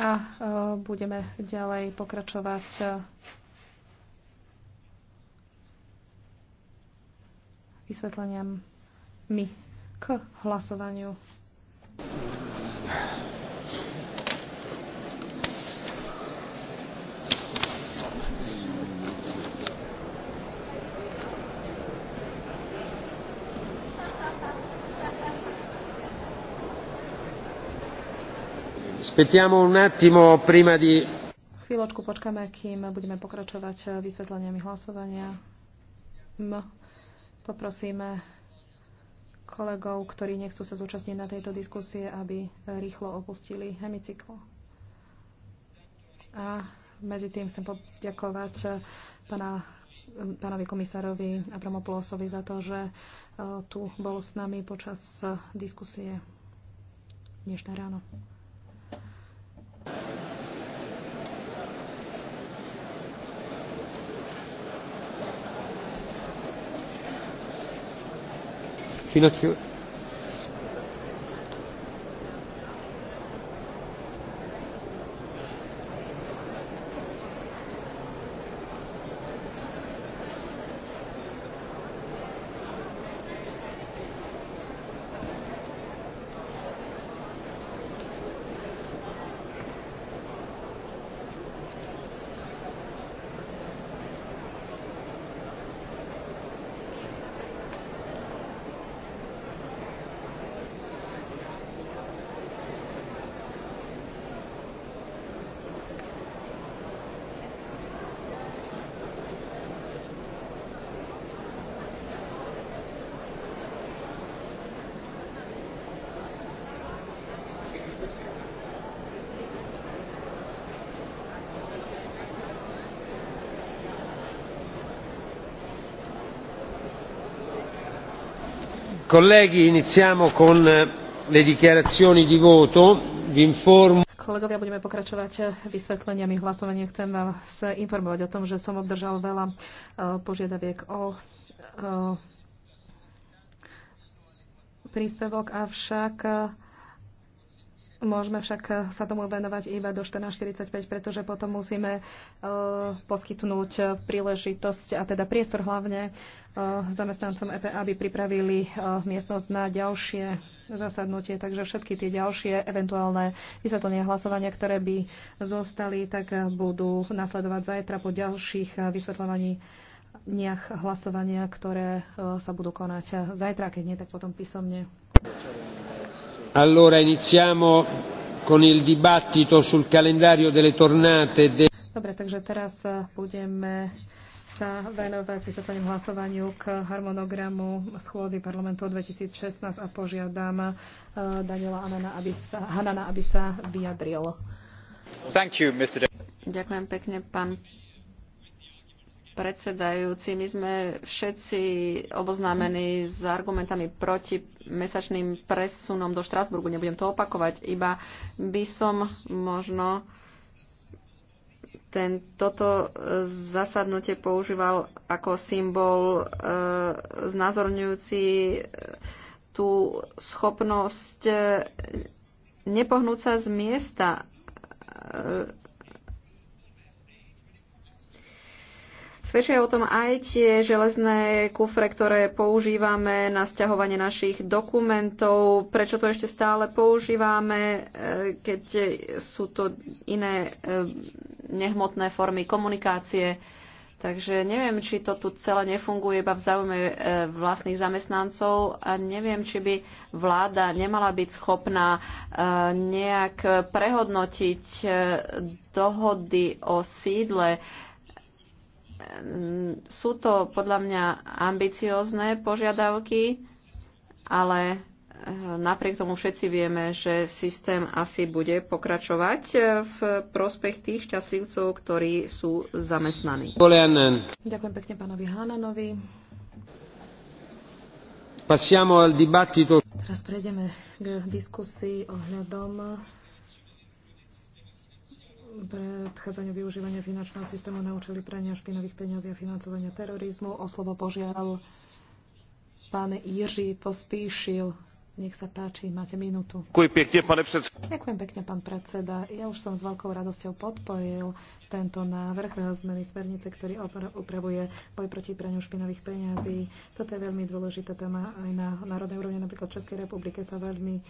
a e, budeme ďalej pokračovať vysvetleniam my k hlasovaniu Chvíľočku počkáme, kým budeme pokračovať eh, vysvetleniami hlasovania. M. Poprosíme kolegov, ktorí nechcú sa zúčastniť na tejto diskusie, aby rýchlo opustili hemicyklo. A medzi tým chcem poďakovať eh, pána, pánovi komisárovi Abramopulosovi za to, že eh, tu bol s nami počas diskusie dnešné ráno. Fino a che... Colleghi, iniziamo con eh, le dichiarazioni di voto. Vi informo kolegovia, budeme pokračovať vysvetleniami hlasovania. Chcem vás informovať o tom, že som obdržal veľa eh, požiadaviek o eh, príspevok, avšak Môžeme však sa tomu venovať iba do 14.45, pretože potom musíme e, poskytnúť príležitosť a teda priestor hlavne e, zamestnancom EP, aby pripravili e, miestnosť na ďalšie zasadnutie. Takže všetky tie ďalšie eventuálne vysvetlenia hlasovania, ktoré by zostali, tak budú nasledovať zajtra po ďalších vysvetľovaní dniach hlasovania, ktoré sa budú konať zajtra, keď nie, tak potom písomne. Allora iniziamo con il dibattito sul calendario delle tornate. De... Dobre, takže teraz eh, budeme sa venovať vysvetlením hlasovaniu k harmonogramu schôdzi parlamentu 2016 a požiadam eh, Daniela Hanana, aby sa, Hanana, aby sa vyjadril. Thank you, Mr. Ďakujem pekne, pán predsedajúci, my sme všetci oboznámení s argumentami proti mesačným presunom do Štrásburgu. Nebudem to opakovať, iba by som možno ten, toto zasadnutie používal ako symbol e, znázorňujúci e, tú schopnosť e, nepohnúť sa z miesta. E, Svedčia o tom aj tie železné kufre, ktoré používame na stiahovanie našich dokumentov. Prečo to ešte stále používame, e, keď sú to iné e, nehmotné formy komunikácie? Takže neviem, či to tu celé nefunguje iba v záujme e, vlastných zamestnancov a neviem, či by vláda nemala byť schopná nejak prehodnotiť dohody o sídle sú to podľa mňa ambiciózne požiadavky, ale eh, napriek tomu všetci vieme, že systém asi bude pokračovať eh, v prospech tých šťastlivcov, ktorí sú zamestnaní. Ďakujem pekne pánovi Hananovi. Passiamo al dibattito. Teraz prejdeme k diskusii ohľadom predchádzaniu využívania finančného systému na účely prania špinavých peňazí a financovania terorizmu. O slovo požiadal pán Jiří Pospíšil. Nech sa páči, máte minútu. Ďakujem pekne, pán predseda. Ja už som s veľkou radosťou podporil tento návrh zmeny smernice, ktorý upravuje boj proti praniu špinavých peňazí. Toto je veľmi dôležitá téma aj na národnej úrovni. Napríklad v Českej republike sa veľmi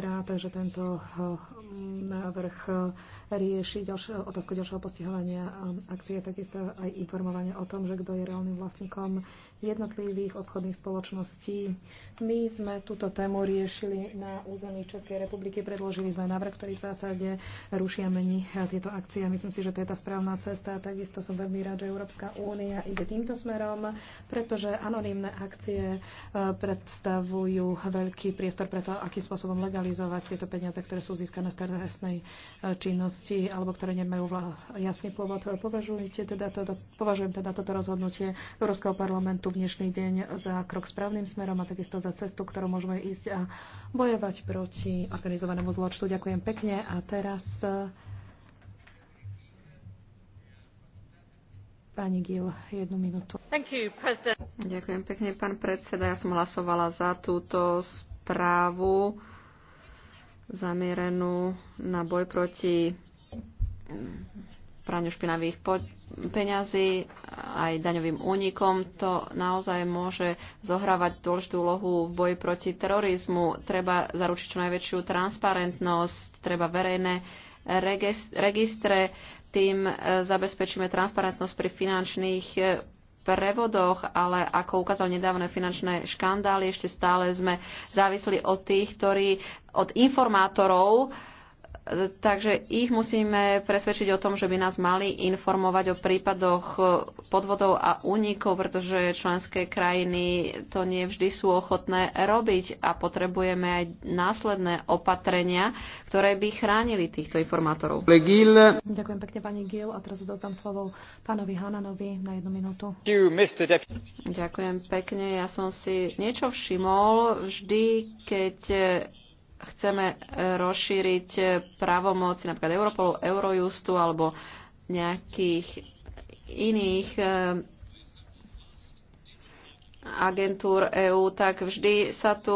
rád, že tento hm, návrh hm, rieši ďalšie, otázku ďalšieho postihovania akcie, takisto aj informovanie o tom, že kto je reálnym vlastníkom jednotlivých obchodných spoločností. My sme túto tému riešili na území Českej republiky, predložili sme návrh, ktorý v zásade ruší a mení tieto akcie. Myslím si, že to je tá správna cesta. Takisto som veľmi rád, že Európska únia ide týmto smerom, pretože anonimné akcie hm, predstavujú veľký priestor pre to, akým spôsobom legalizujú kanalizovať tieto peniaze, ktoré sú získané z trestnej e, činnosti alebo ktoré nemajú jasný pôvod. Považujete teda toto, považujem teda toto rozhodnutie Európskeho parlamentu v dnešný deň za krok správnym smerom a takisto za cestu, ktorú môžeme ísť a bojovať proti organizovanému zločtu. Ďakujem pekne a teraz e, Pani Gil, jednu minútu. You, Ďakujem pekne, pán predseda. Ja som hlasovala za túto správu zamierenú na boj proti mm, praniu špinavých peňazí aj daňovým únikom. To naozaj môže zohrávať dôležitú úlohu v boji proti terorizmu. Treba zaručiť čo najväčšiu transparentnosť, treba verejné registre, tým e, zabezpečíme transparentnosť pri finančných e, prevodoch, ale ako ukázal nedávne finančné škandály, ešte stále sme závisli od tých, ktorí, od informátorov, Takže ich musíme presvedčiť o tom, že by nás mali informovať o prípadoch podvodov a únikov, pretože členské krajiny to nie vždy sú ochotné robiť a potrebujeme aj následné opatrenia, ktoré by chránili týchto informátorov. Ďakujem pekne pani Gil a teraz dodám slovo pánovi Hananovi na jednu minútu. Ďakujem pekne. Ja som si niečo všimol vždy, keď chceme e, rozšíriť e, právomoci napríklad Europolu, Eurojustu alebo nejakých iných e, agentúr EÚ, tak vždy sa tu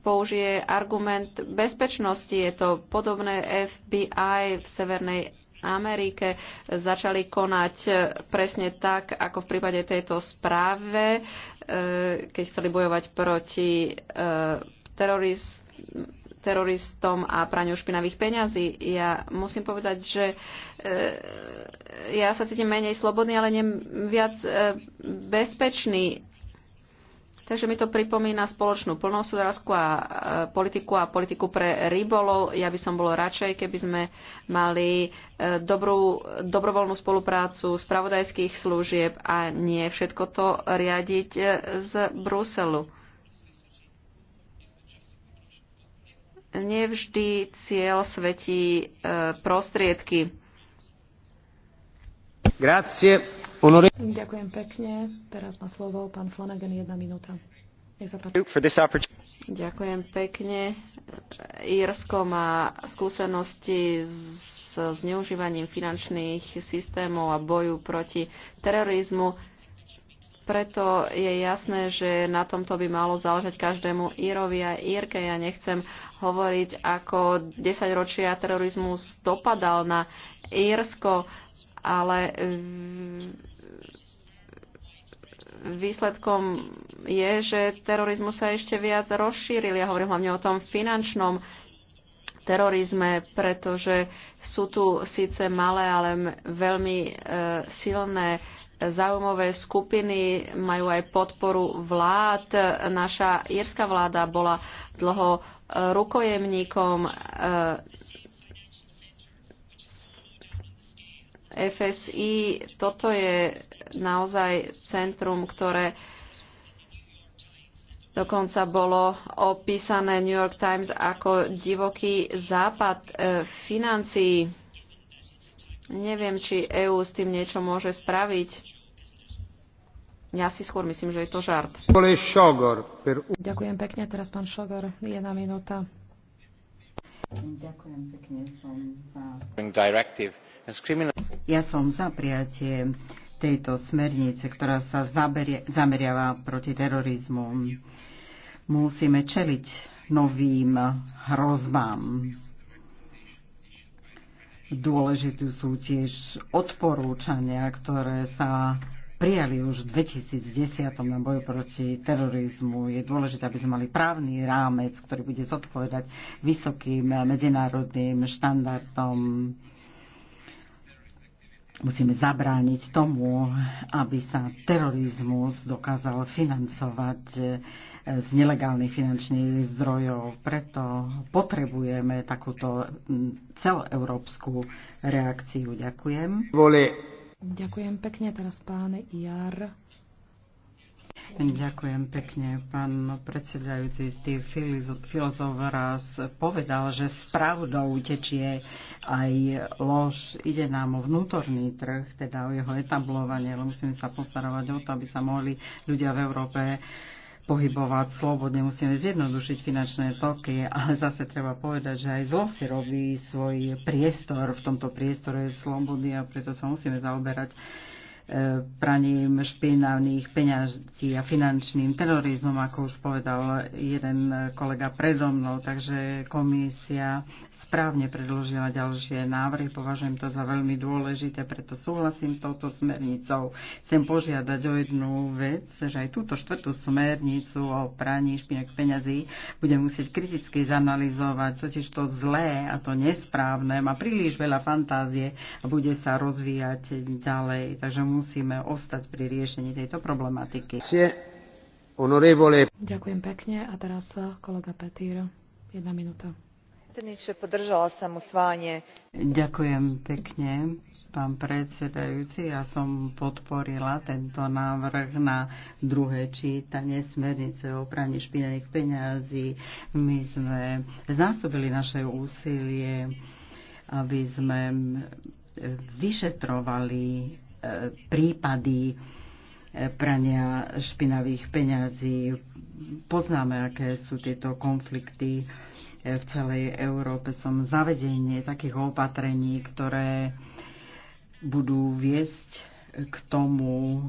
použije argument bezpečnosti. Je to podobné FBI v Severnej Amerike. Začali konať presne tak, ako v prípade tejto správe, keď chceli bojovať proti terorist, teroristom a praniu špinavých peňazí. Ja musím povedať, že e, ja sa cítim menej slobodný, ale nem viac e, bezpečný. Takže mi to pripomína spoločnú plnohospodárskú a e, politiku a politiku pre rybolov. Ja by som bol radšej, keby sme mali dobrú, dobrovoľnú spoluprácu spravodajských služieb a nie všetko to riadiť z Bruselu. nevždy cieľ svetí e, prostriedky. Grazie. Ďakujem pekne. Teraz má slovo pán Flanagan, jedna minúta. Ďakujem pekne. Írsko má skúsenosti s zneužívaním finančných systémov a boju proti terorizmu preto je jasné, že na tomto by malo záležať každému Írovi a Írke. Ja nechcem hovoriť, ako 10 ročia terorizmus dopadal na Írsko, ale výsledkom je, že terorizmus sa ešte viac rozšíril. Ja hovorím hlavne o tom finančnom terorizme, pretože sú tu síce malé, ale veľmi e, silné záujmové skupiny majú aj podporu vlád. Naša írska vláda bola dlho e, rukojemníkom e, FSI. Toto je naozaj centrum, ktoré dokonca bolo opísané New York Times ako divoký západ e, financií Neviem, či EÚ s tým niečo môže spraviť. Ja si skôr myslím, že je to žart. Ďakujem pekne. Teraz pán Šogor, jedna minúta. Ďakujem pekne. Som za... Ja som za prijatie tejto smernice, ktorá sa zameriava proti terorizmu. Musíme čeliť novým hrozbám Dôležité sú tiež odporúčania, ktoré sa prijali už v 2010 na boju proti terorizmu. Je dôležité, aby sme mali právny rámec, ktorý bude zodpovedať vysokým medzinárodným štandardom. Musíme zabrániť tomu, aby sa terorizmus dokázal financovať z nelegálnych finančných zdrojov. Preto potrebujeme takúto celoeurópsku reakciu. Ďakujem. Vole. Ďakujem pekne teraz pán Jar. Ďakujem pekne. Pán predsedajúci istý filozof raz povedal, že s pravdou tečie aj lož. Ide nám o vnútorný trh, teda o jeho etablovanie, ale musíme sa postarovať o to, aby sa mohli ľudia v Európe pohybovať slobodne, musíme zjednodušiť finančné toky, ale zase treba povedať, že aj zlo si robí svoj priestor, v tomto priestore slobody a preto sa musíme zaoberať e, praním špinavných peňazí a finančným terorizmom, ako už povedal jeden kolega predo mnou. Takže komisia správne predložila ďalšie návrhy. Považujem to za veľmi dôležité, preto súhlasím s touto smernicou. Chcem požiadať o jednu vec, že aj túto štvrtú smernicu o praní špinek peňazí budem musieť kriticky zanalizovať. Totiž to zlé a to nesprávne má príliš veľa fantázie a bude sa rozvíjať ďalej. Takže musíme ostať pri riešení tejto problematiky. Ďakujem pekne a teraz kolega Petír. Jedna minúta podržala som usvajanie. Ďakujem pekne, pán predsedajúci. Ja som podporila tento návrh na druhé čítanie smernice o praní špinavých peňazí. My sme znásobili naše úsilie, aby sme e, vyšetrovali e, prípady e, prania špinavých peňazí. Poznáme, aké sú tieto konflikty v celej Európe som zavedenie takých opatrení, ktoré budú viesť k tomu,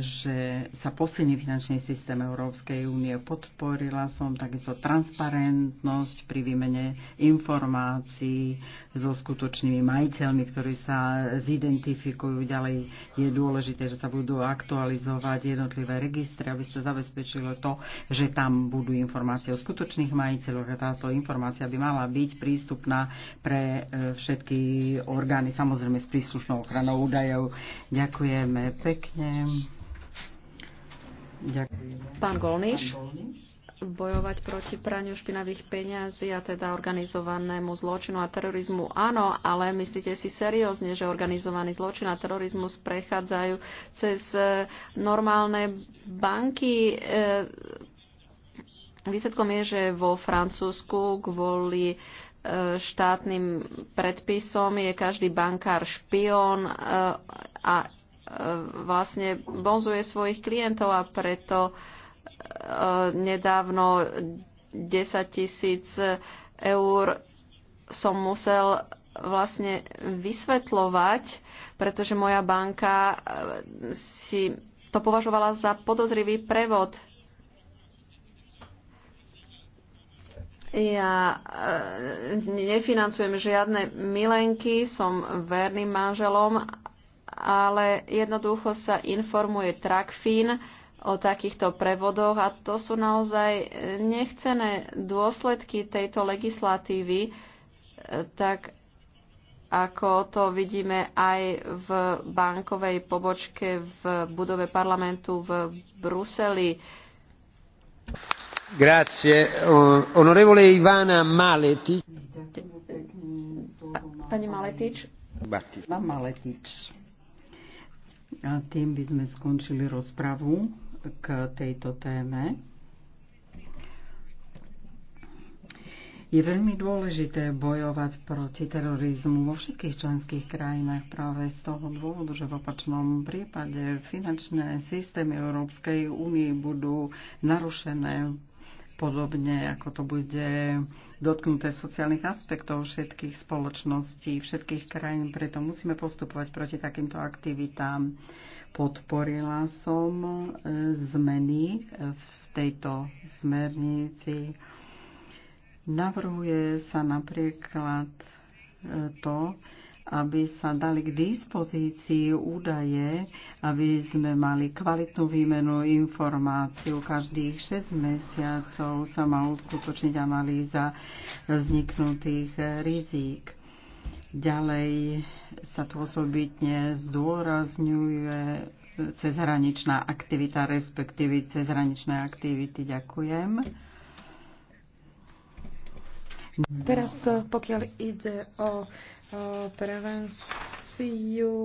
že sa posilní finančný systém Európskej únie. Podporila som takisto transparentnosť pri výmene informácií so skutočnými majiteľmi, ktorí sa zidentifikujú. Ďalej je dôležité, že sa budú aktualizovať jednotlivé registre, aby sa zabezpečilo to, že tam budú informácie o skutočných majiteľoch a táto informácia by mala byť prístupná pre e, všetky orgány, samozrejme s príslušnou ochranou údajov. Ďakujeme pekne. Ďakujem. Pán Golniš, bojovať proti praniu špinavých peňazí a teda organizovanému zločinu a terorizmu áno, ale myslíte si seriózne, že organizovaný zločin a terorizmus prechádzajú cez e, normálne banky? E, výsledkom je, že vo Francúzsku kvôli e, štátnym predpisom je každý bankár špion a vlastne bonzuje svojich klientov a preto e, nedávno 10 tisíc eur som musel vlastne vysvetľovať, pretože moja banka e, si to považovala za podozrivý prevod. Ja e, nefinancujem žiadne milenky, som verným manželom ale jednoducho sa informuje Trakfín o takýchto prevodoch a to sú naozaj nechcené dôsledky tejto legislatívy, e, tak ako to vidíme aj v bankovej pobočke v budove parlamentu v Bruseli. Grazie. Onorevole Ivana Maletič. Pani Maletič. Maletič. A tým by sme skončili rozpravu k tejto téme. Je veľmi dôležité bojovať proti terorizmu vo všetkých členských krajinách práve z toho dôvodu, že v opačnom prípade finančné systémy Európskej únie budú narušené podobne ako to bude dotknuté sociálnych aspektov všetkých spoločností, všetkých krajín. Preto musíme postupovať proti takýmto aktivitám. Podporila som e, zmeny v tejto smernici. Navrhuje sa napríklad e, to, aby sa dali k dispozícii údaje, aby sme mali kvalitnú výmenu informáciu. Každých 6 mesiacov sa má uskutočniť analýza vzniknutých rizík. Ďalej sa tu osobitne zdôrazňuje cezhraničná aktivita, respektíve cezhraničné aktivity. Ďakujem. Teraz, e, pokiaľ ide o, o e, prevenciu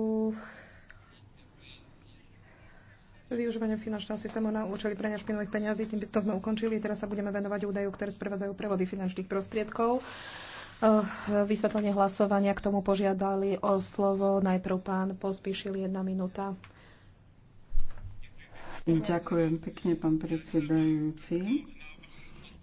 využívania finančného systému na účely prania špinových peňazí, tým to sme ukončili. Teraz sa budeme venovať údajú, ktoré sprevádzajú prevody finančných prostriedkov. E, vysvetlenie hlasovania k tomu požiadali o slovo najprv pán Pospíšil jedna minúta. Ďakujem pekne, pán predsedajúci.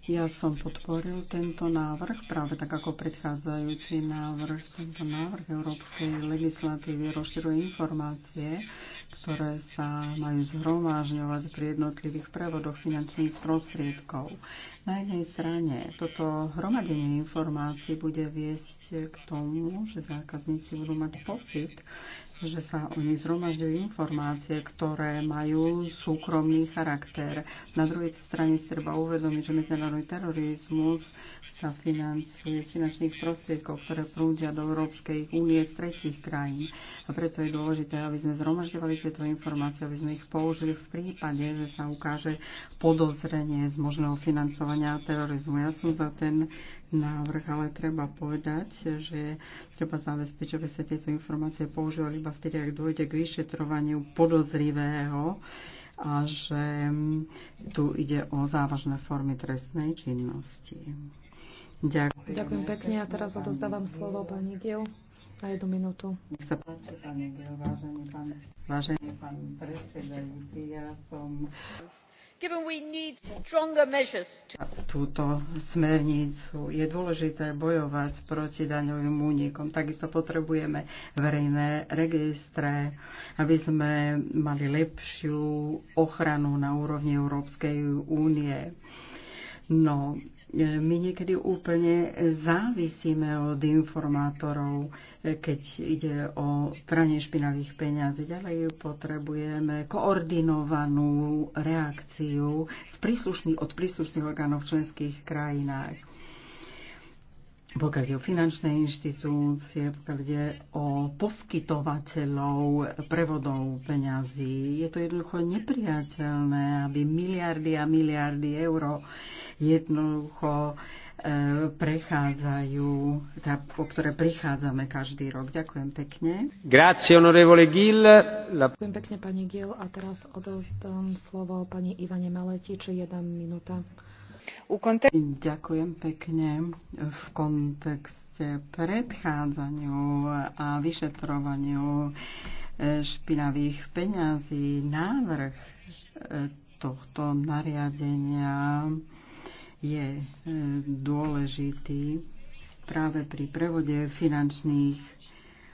Ja som podporil tento návrh, práve tak ako predchádzajúci návrh. Tento návrh európskej legislatívy rozširuje informácie, ktoré sa majú zhromážňovať pri jednotlivých prevodoch finančných prostriedkov. Na jednej strane toto hromadenie informácií bude viesť k tomu, že zákazníci budú mať pocit, že sa oni zhromaždili informácie, ktoré majú súkromný charakter. Na druhej strane si treba uvedomiť, že medzinárodný terorizmus sa financuje z finančných prostriedkov, ktoré prúdia do Európskej únie z tretich krajín. A preto je dôležité, aby sme zhromažďovali tieto informácie, aby sme ich použili v prípade, že sa ukáže podozrenie z možného financovania terorizmu. Ja som za ten návrh, ale treba povedať, že treba zabezpečiť, aby sa tieto informácie používali iba iba vtedy, ak dôjde k vyšetrovaniu podozrivého a že tu ide o závažné formy trestnej činnosti. Ďakujem. Ďakujem pekne a teraz odozdávam slovo pani Gil na jednu minútu. Nech sa páči, pán Egel, vážený pán, vážený pán predsedajúci, ja som... Given we need stronger measures to... Túto smernicu je dôležité bojovať proti daňovým únikom. Takisto potrebujeme verejné registre, aby sme mali lepšiu ochranu na úrovni Európskej únie. No, E, my niekedy úplne závisíme od informátorov, e, keď ide o pranie špinavých peňazí. Ďalej potrebujeme koordinovanú reakciu z príslušných, od príslušných orgánov v členských krajinách pokiaľ ide o finančné inštitúcie, pokiaľ ide o poskytovateľov prevodov peňazí. Je to jednoducho nepriateľné, aby miliardy a miliardy eur jednoducho e, prechádzajú, tá, o ktoré prichádzame každý rok. Ďakujem pekne. Grazie, onorevole Gil. La... Ďakujem pekne, pani Gil A teraz odovzdám slovo pani Ivane Maletiči, jedna minúta. Ďakujem pekne. V kontexte predchádzaniu a vyšetrovaniu e, špinavých peňazí návrh e, tohto nariadenia je e, dôležitý práve pri prevode finančných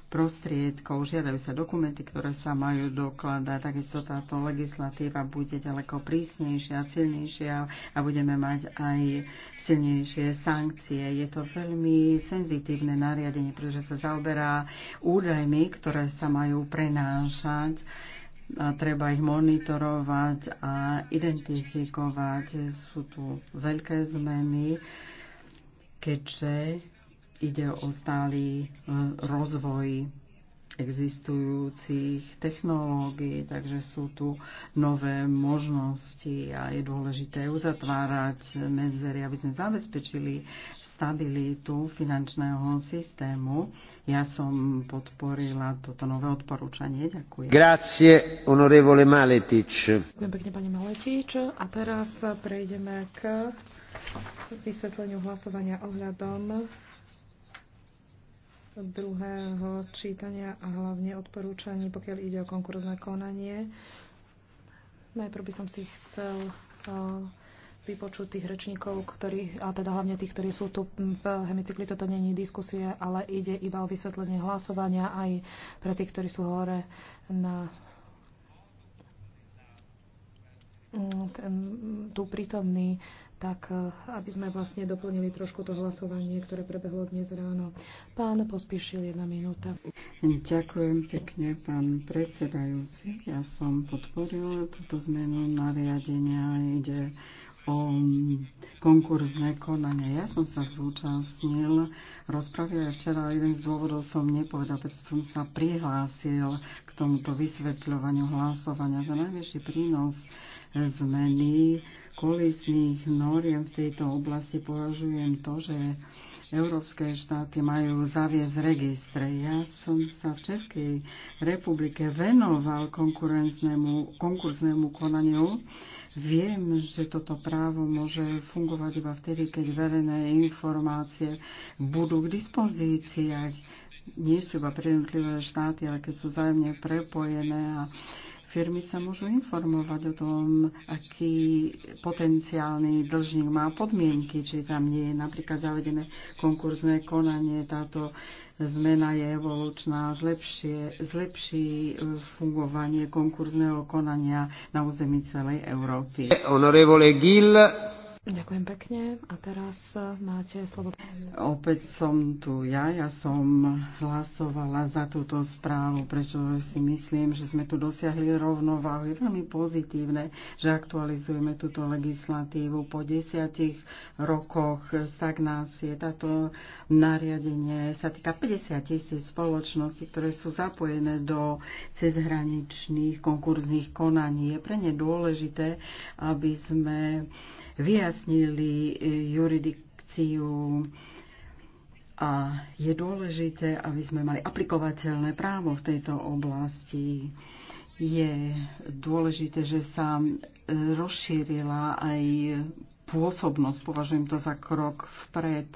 prostriedkov, žiadajú sa dokumenty, ktoré sa majú dokladať. Takisto táto legislatíva bude ďaleko prísnejšia a silnejšia a budeme mať aj silnejšie sankcie. Je to veľmi senzitívne nariadenie, pretože sa zaoberá údajmi, ktoré sa majú prenášať a treba ich monitorovať a identifikovať. Sú tu veľké zmeny, keďže ide o stály e, rozvoj existujúcich technológií, takže sú tu nové možnosti a je dôležité uzatvárať medzery, aby sme zabezpečili stabilitu finančného systému. Ja som podporila toto nové odporúčanie. Ďakujem. Grazie, onorevole Maletič. Ďakujem pekne, pani Maletič. A teraz prejdeme k vysvetleniu hlasovania ohľadom druhého čítania a hlavne odporúčaní, pokiaľ ide o konkurzné konanie. Najprv by som si chcel eh, vypočuť tých rečníkov, ktorí, a teda hlavne tých, ktorí sú tu v hemicykli. Toto není diskusie, ale ide iba o vysvetlenie hlasovania aj pre tých, ktorí sú hore na mm, tu prítomný tak eh, aby sme vlastne doplnili trošku to hlasovanie, ktoré prebehlo dnes ráno. Pán pospíšil jedna minúta. Ďakujem pekne, pán predsedajúci. Ja som podporil túto zmenu nariadenia. Ide o mm, konkurzné konanie. Ja som sa zúčastnil rozpravy aj včera jeden z dôvodov som nepovedal, preto som sa prihlásil k tomuto vysvetľovaniu hlasovania za najväčší prínos zmeny kolizných noriem v tejto oblasti považujem to, že európske štáty majú zaviesť registre. Ja som sa v Českej republike venoval konkurznému konaniu. Viem, že toto právo môže fungovať iba vtedy, keď verejné informácie budú k dispozícii. Nie sú iba pre štáty, ale keď sú zájemne prepojené a Firmy sa môžu informovať o tom, aký potenciálny dlžník má podmienky, či tam nie je napríklad zavedené konkurzné konanie. Táto zmena je evolučná, zlepšie, zlepší fungovanie konkurzného konania na území celej Európy. Honorevole Gill, Ďakujem pekne. A teraz e, máte slovo. Opäť som tu ja. Ja som hlasovala za túto správu, pretože si myslím, že sme tu dosiahli rovnováhu. Je veľmi pozitívne, že aktualizujeme túto legislatívu po desiatich rokoch stagnácie. Táto nariadenie sa týka 50 tisíc spoločností, ktoré sú zapojené do cezhraničných konkurzných konaní. Je pre ne dôležité, aby sme vyjasnili e, juridikciu a je dôležité, aby sme mali aplikovateľné právo v tejto oblasti. Je dôležité, že sa e, rozšírila aj pôsobnosť. Považujem to za krok vpred.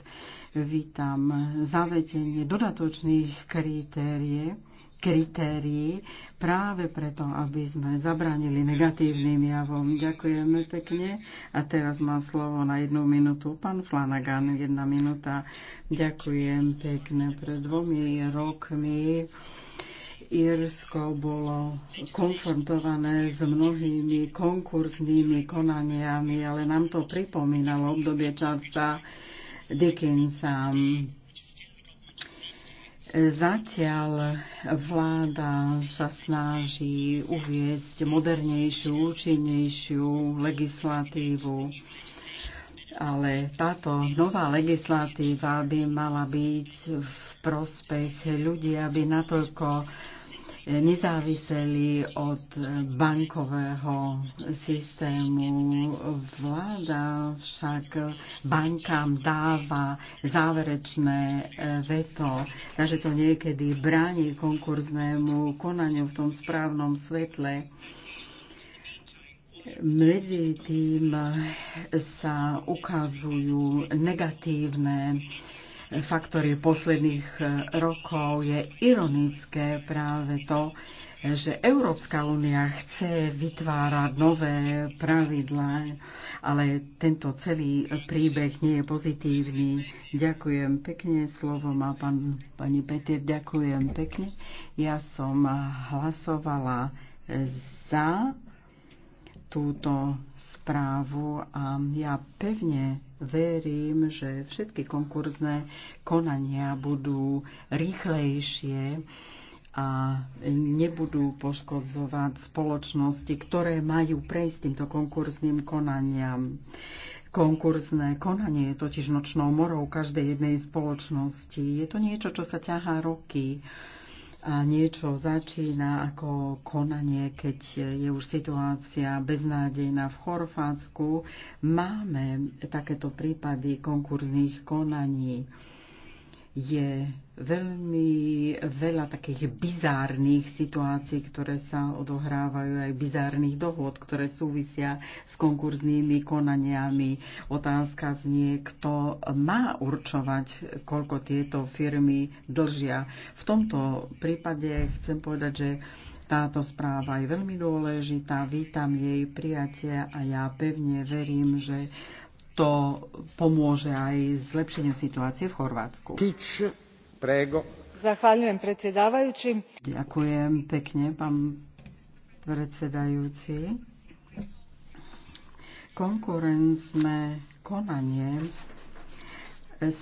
Vítam zavedenie dodatočných kritérií kritérií práve preto, aby sme zabránili negatívnym javom. Ďakujeme pekne. A teraz má slovo na jednu minútu pán Flanagan. Jedna minúta. Ďakujem pekne. Pred dvomi rokmi Írsko bolo konfrontované s mnohými konkurznými konaniami, ale nám to pripomínalo obdobie časa Dickinsa Zatiaľ vláda sa snaží uviezť modernejšiu, účinnejšiu legislatívu, ale táto nová legislatíva by mala byť v prospech ľudí, aby natoľko nezáviseli od bankového systému. Vláda však bankám dáva záverečné e, veto, takže to niekedy bráni konkurznému konaniu v tom správnom svetle. Medzi tým sa ukazujú negatívne faktory posledných e, rokov. Je ironické práve to, že Európska únia chce vytvárať nové pravidlá, ale tento celý príbeh nie je pozitívny. Ďakujem pekne, slovo má pán, pani Petr, ďakujem pekne. Ja som hlasovala za túto správu a ja pevne verím, že všetky konkurzné konania budú rýchlejšie a nebudú poškodzovať spoločnosti, ktoré majú prejsť týmto konkurzným konaniam. Konkurzné konanie je totiž nočnou morou každej jednej spoločnosti. Je to niečo, čo sa ťahá roky a niečo začína ako konanie, keď je už situácia beznádejná v Chorvátsku. Máme takéto prípady konkurzných konaní je veľmi veľa takých bizárnych situácií, ktoré sa odohrávajú, aj bizárnych dohod, ktoré súvisia s konkurznými konaniami. Otázka znie, kto má určovať, koľko tieto firmy dlžia. V tomto prípade chcem povedať, že táto správa je veľmi dôležitá, vítam jej prijatie a ja pevne verím, že to pomôže aj zlepšeniu situácie v Chorvátsku. Tič, predsedávajúci. Ďakujem pekne, pán predsedajúci. Konkurencné konanie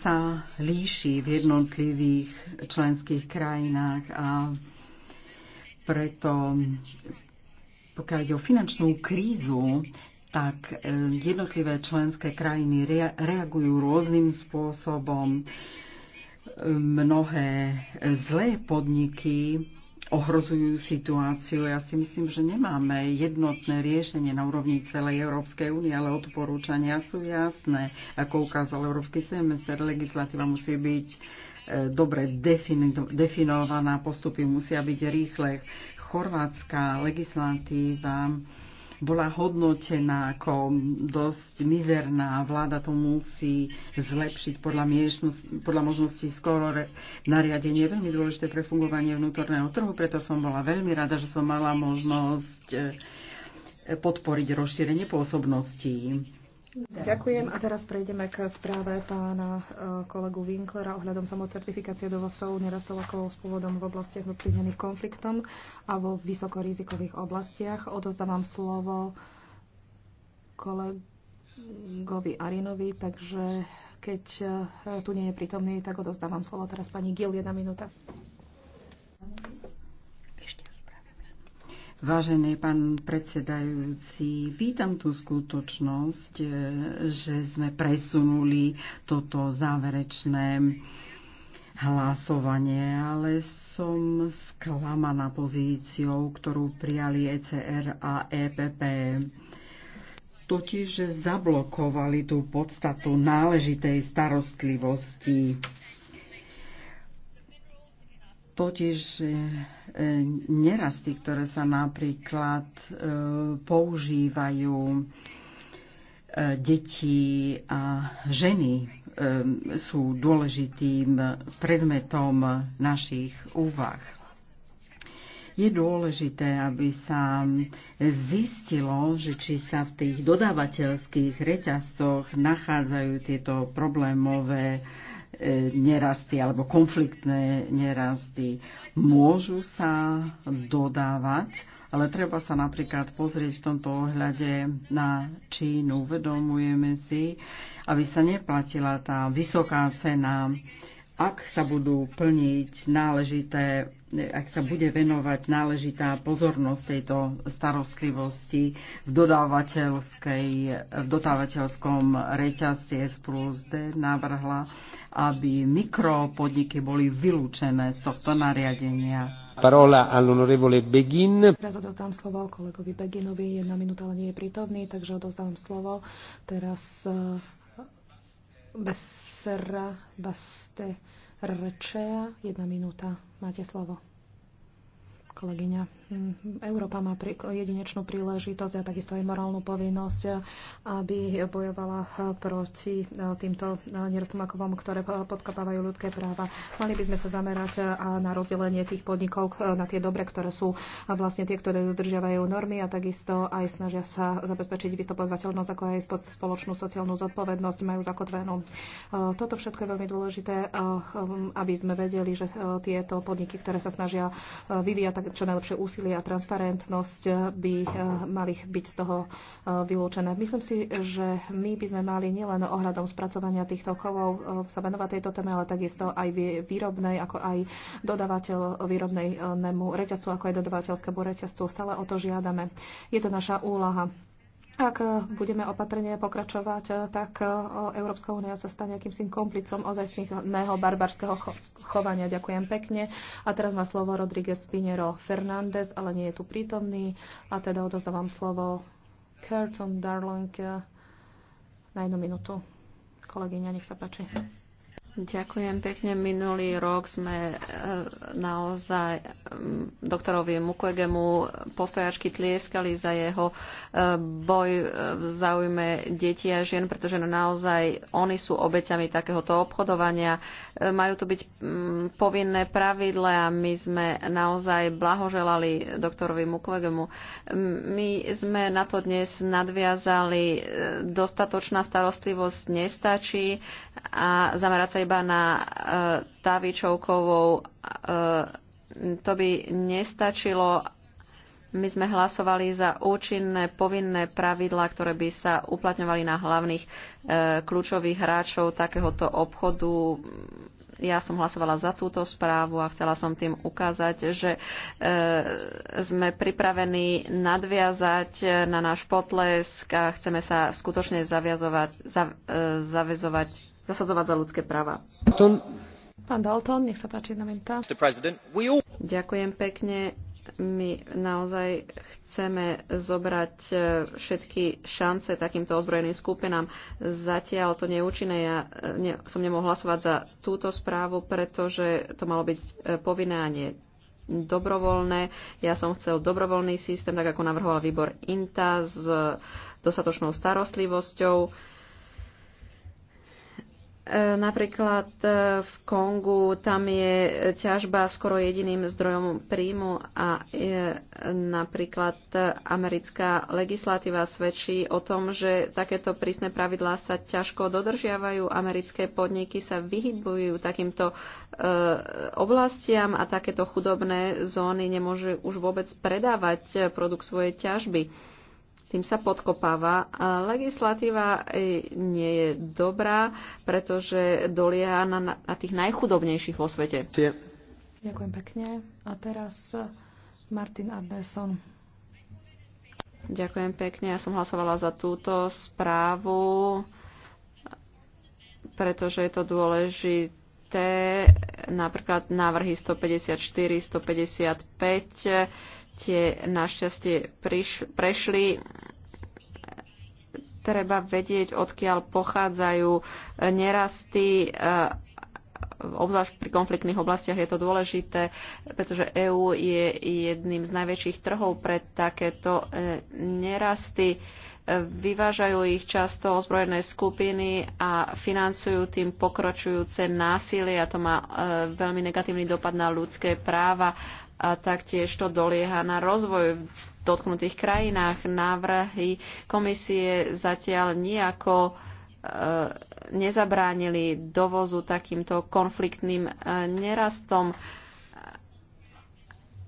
sa líši v jednotlivých členských krajinách a preto pokiaľ ide o finančnú krízu, tak jednotlivé členské krajiny reagujú rôznym spôsobom. Mnohé zlé podniky ohrozujú situáciu. Ja si myslím, že nemáme jednotné riešenie na úrovni celej Európskej únie, ale odporúčania sú jasné. Ako ukázal Európsky semester, legislatíva musí byť e, dobre definovaná, postupy musia byť rýchle. Chorvátska legislatíva bola hodnotená ako dosť mizerná. Vláda to musí zlepšiť podľa, miešnu, podľa možností skoro nariadenie. Je veľmi dôležité pre fungovanie vnútorného trhu, preto som bola veľmi rada, že som mala možnosť eh, podporiť rozšírenie pôsobností Ďakujem a teraz prejdeme k správe pána eh, kolegu Winklera ohľadom samocertifikácie dovozov nerastov ako s pôvodom v oblastiach vyplnených konfliktom a vo vysokorizikových oblastiach. Odozdávam slovo kolegovi Arinovi, takže keď eh, tu nie je prítomný, tak odozdávam slovo teraz pani Gil, jedna minúta. Vážený pán predsedajúci, vítam tú skutočnosť, e, že sme presunuli toto záverečné hlasovanie, ale som sklamaná pozíciou, ktorú prijali ECR a EPP. Totiž, že zablokovali tú podstatu náležitej starostlivosti totiž e, nerasty, ktoré sa napríklad e, používajú e, deti a ženy sú dôležitým predmetom našich úvah. Je dôležité, aby sa zistilo, že či sa v tých dodávateľských reťazcoch nachádzajú tieto problémové E, nerasty alebo konfliktné nerasty môžu sa dodávať, ale treba sa napríklad pozrieť v tomto ohľade na Čínu. Uvedomujeme si, aby sa neplatila tá vysoká cena, ak sa budú plniť náležité, ak sa bude venovať náležitá pozornosť tejto starostlivosti v, dodávateľskej, v dodávateľskom reťazci S plus D navrhla, aby mikropodniky boli vylúčené z tohto nariadenia. Parola all'onorevole Begin. Teraz odovzdávam slovo kolegovi Beginovi, jedna minúta, ale nie je prítomný, takže odovzdávam slovo teraz uh, eh, Besera Baste Rečea, Jedna minúta, máte slovo, kolegyňa. Európa má jedinečnú príležitosť a takisto aj morálnu povinnosť, aby bojovala proti týmto nerostomakovom, ktoré podkapávajú ľudské práva. Mali by sme sa zamerať na rozdelenie tých podnikov na tie dobre, ktoré sú vlastne tie, ktoré dodržiavajú normy a takisto aj snažia sa zabezpečiť vystopovateľnosť, ako aj spoločnú sociálnu zodpovednosť majú zakotvenú. Toto všetko je veľmi dôležité, aby sme vedeli, že tieto podniky, ktoré sa snažia vyvíjať čo najlepšie úsilie, úsilie a transparentnosť by eh, mali byť z toho eh, vylúčené. Myslím si, že my by sme mali nielen ohľadom spracovania týchto kovov eh, sa venovať tejto téme, ale takisto aj výrobnej, ako aj dodavateľ výrobnej reťazcu, ako aj dodavateľskému reťazcu. Stále o to žiadame. Je to naša úlaha. Ak eh, budeme opatrne pokračovať, eh, tak eh, Európska únia sa stane sým komplicom ozajstného barbarského chovania. Ďakujem pekne. A teraz má slovo Rodríguez Pinero Fernández, ale nie je tu prítomný. A teda odozdávam slovo Curtin Darling na jednu minútu. Kolegyňa, nech sa páči. Ďakujem pekne. Minulý rok sme e, naozaj doktorovi Mukwegemu postojačky tlieskali za jeho e, boj e, v záujme detí a žien, pretože no naozaj oni sú obeťami takéhoto obchodovania. Majú tu byť povinné pravidle a my sme naozaj blahoželali doktorovi Mukwegemu. My sme na to dnes nadviazali. Dostatočná starostlivosť nestačí a zamerať sa iba na e, Tavičovkovou. E, to by nestačilo. My sme hlasovali za účinné povinné pravidlá, ktoré by sa uplatňovali na hlavných e, kľúčových hráčov takéhoto obchodu. Ja som hlasovala za túto správu a chcela som tým ukázať, že sme pripravení nadviazať na náš potlesk a chceme sa skutočne zaviazovať, zav, zavezovať zasadzovať za ľudské práva. Pán Dalton, nech sa páči jedna minúta. All... Ďakujem pekne. My naozaj chceme zobrať e, všetky šance takýmto ozbrojeným skupinám. Zatiaľ to neúčinné. Ja e, ne, som nemohol hlasovať za túto správu, pretože to malo byť e, povinné a nie dobrovoľné. Ja som chcel dobrovoľný systém, tak ako navrhoval výbor INTA s dostatočnou starostlivosťou E, napríklad e, v Kongu tam je ťažba skoro jediným zdrojom príjmu a e, napríklad americká legislatíva svedčí o tom, že takéto prísne pravidlá sa ťažko dodržiavajú. Americké podniky sa vyhybujú takýmto oblastiam a takéto chudobné zóny nemôžu už vôbec predávať produkt svojej ťažby tým sa podkopáva. Legislatíva e, nie je dobrá, pretože dolieha na, na tých najchudobnejších vo svete. Ďakujem pekne. A teraz Martin Anderson. Ďakujem pekne. Ja som hlasovala za túto správu, pretože je to dôležité. Napríklad návrhy 154, 155 tie našťastie priš- prešli. Treba vedieť, odkiaľ pochádzajú nerasty. Eh, obzvlášť pri konfliktných oblastiach je to dôležité, pretože EÚ je jedným z najväčších trhov pre takéto eh, nerasty. Vyvážajú ich často ozbrojené skupiny a financujú tým pokročujúce násilie a to má e, veľmi negatívny dopad na ľudské práva a taktiež to dolieha na rozvoj v dotknutých krajinách. Návrhy komisie zatiaľ nejako e, nezabránili dovozu takýmto konfliktným e, nerastom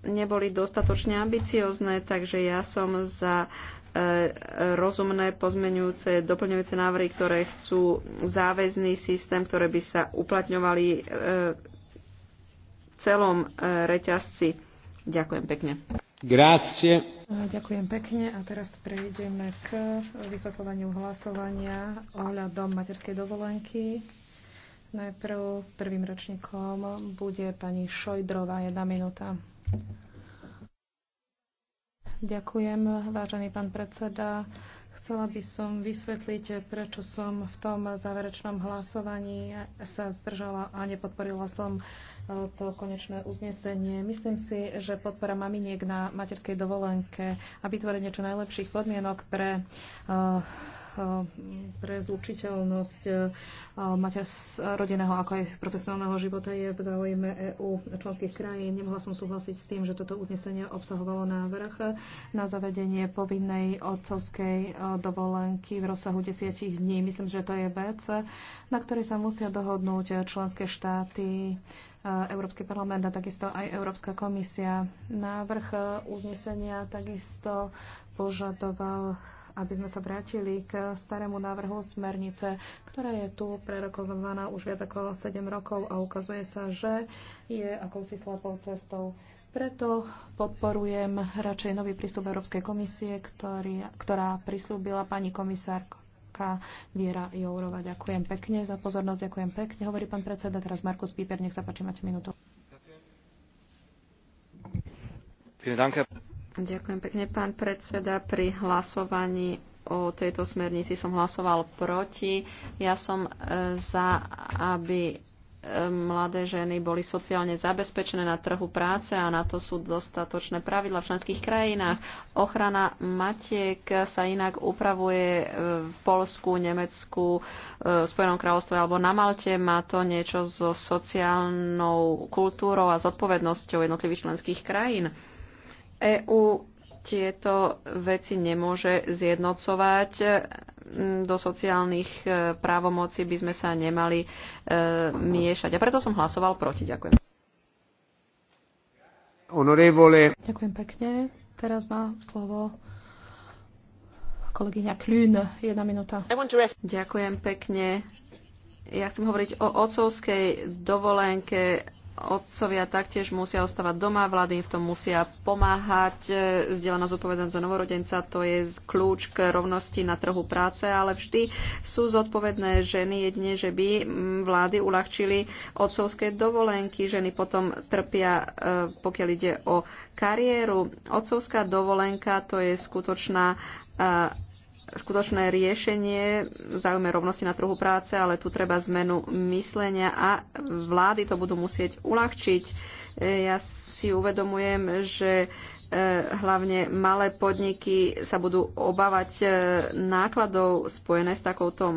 neboli dostatočne ambiciozne, takže ja som za e, rozumné pozmeňujúce, doplňujúce návrhy, ktoré chcú záväzný systém, ktoré by sa uplatňovali e, v celom e, reťazci. Ďakujem pekne. Grazie. Ďakujem pekne a teraz prejdeme k vysvetľovaniu hlasovania ohľadom materskej dovolenky. Najprv prvým ročníkom bude pani Šojdrová, jedna minúta. Ďakujem, vážený pán predseda. Chcela by som vysvetliť, prečo som v tom záverečnom hlasovaní sa zdržala a nepodporila som e, to konečné uznesenie. Myslím si, že podpora maminiek na materskej dovolenke a vytvorenie čo najlepších podmienok pre uh, Eh, pre zlučiteľnosť eh, rodinného ako aj profesionálneho života je v záujme EÚ členských krajín. Nemohla som súhlasiť s tým, že toto uznesenie obsahovalo návrh na zavedenie povinnej otcovskej eh, dovolenky v rozsahu desiatich dní. Myslím, že to je vec, na ktorej sa musia dohodnúť členské štáty Európsky parlament a takisto aj Európska komisia. Návrh uznesenia takisto požadoval aby sme sa vrátili k starému návrhu smernice, ktorá je tu prerokovaná už viac ako 7 rokov a ukazuje sa, že je akousi slepou cestou. Preto podporujem radšej nový prístup Európskej komisie, ktorý, ktorá prislúbila pani komisárka Viera Jourova. Ďakujem pekne za pozornosť, ďakujem pekne. Hovorí pán predseda, teraz Markus Píper, nech sa páči, máte minútu. Ďakujem pekne, pán predseda. Pri hlasovaní o tejto smernici som hlasoval proti. Ja som e, za, aby e, mladé ženy boli sociálne zabezpečené na trhu práce a na to sú dostatočné pravidla v členských krajinách. Ochrana matiek sa inak upravuje e, v Polsku, Nemecku, Spojenom kráľovstve alebo na Malte. Má to niečo so sociálnou kultúrou a zodpovednosťou jednotlivých členských krajín. EÚ tieto veci nemôže zjednocovať. Mm, do sociálnych e, právomocí by sme sa nemali e, miešať. A preto som hlasoval proti. Ďakujem. Honorevole. Ďakujem pekne. Teraz má slovo kolegyňa Klün. Jedna minúta. Ďakujem pekne. Ja chcem hovoriť o otcovskej dovolenke otcovia taktiež musia ostávať doma, vlády im v tom musia pomáhať. E, zdieľaná zodpovednosť za novorodenca to je kľúč k rovnosti na trhu práce, ale vždy sú zodpovedné ženy jedine, že by vlády uľahčili otcovské dovolenky. Ženy potom trpia, e, pokiaľ ide o kariéru. Otcovská dovolenka to je skutočná e, skutočné riešenie v záujme rovnosti na trhu práce, ale tu treba zmenu myslenia a vlády to budú musieť uľahčiť. E, ja si uvedomujem, že e, hlavne malé podniky sa budú obávať e, nákladov spojené s takouto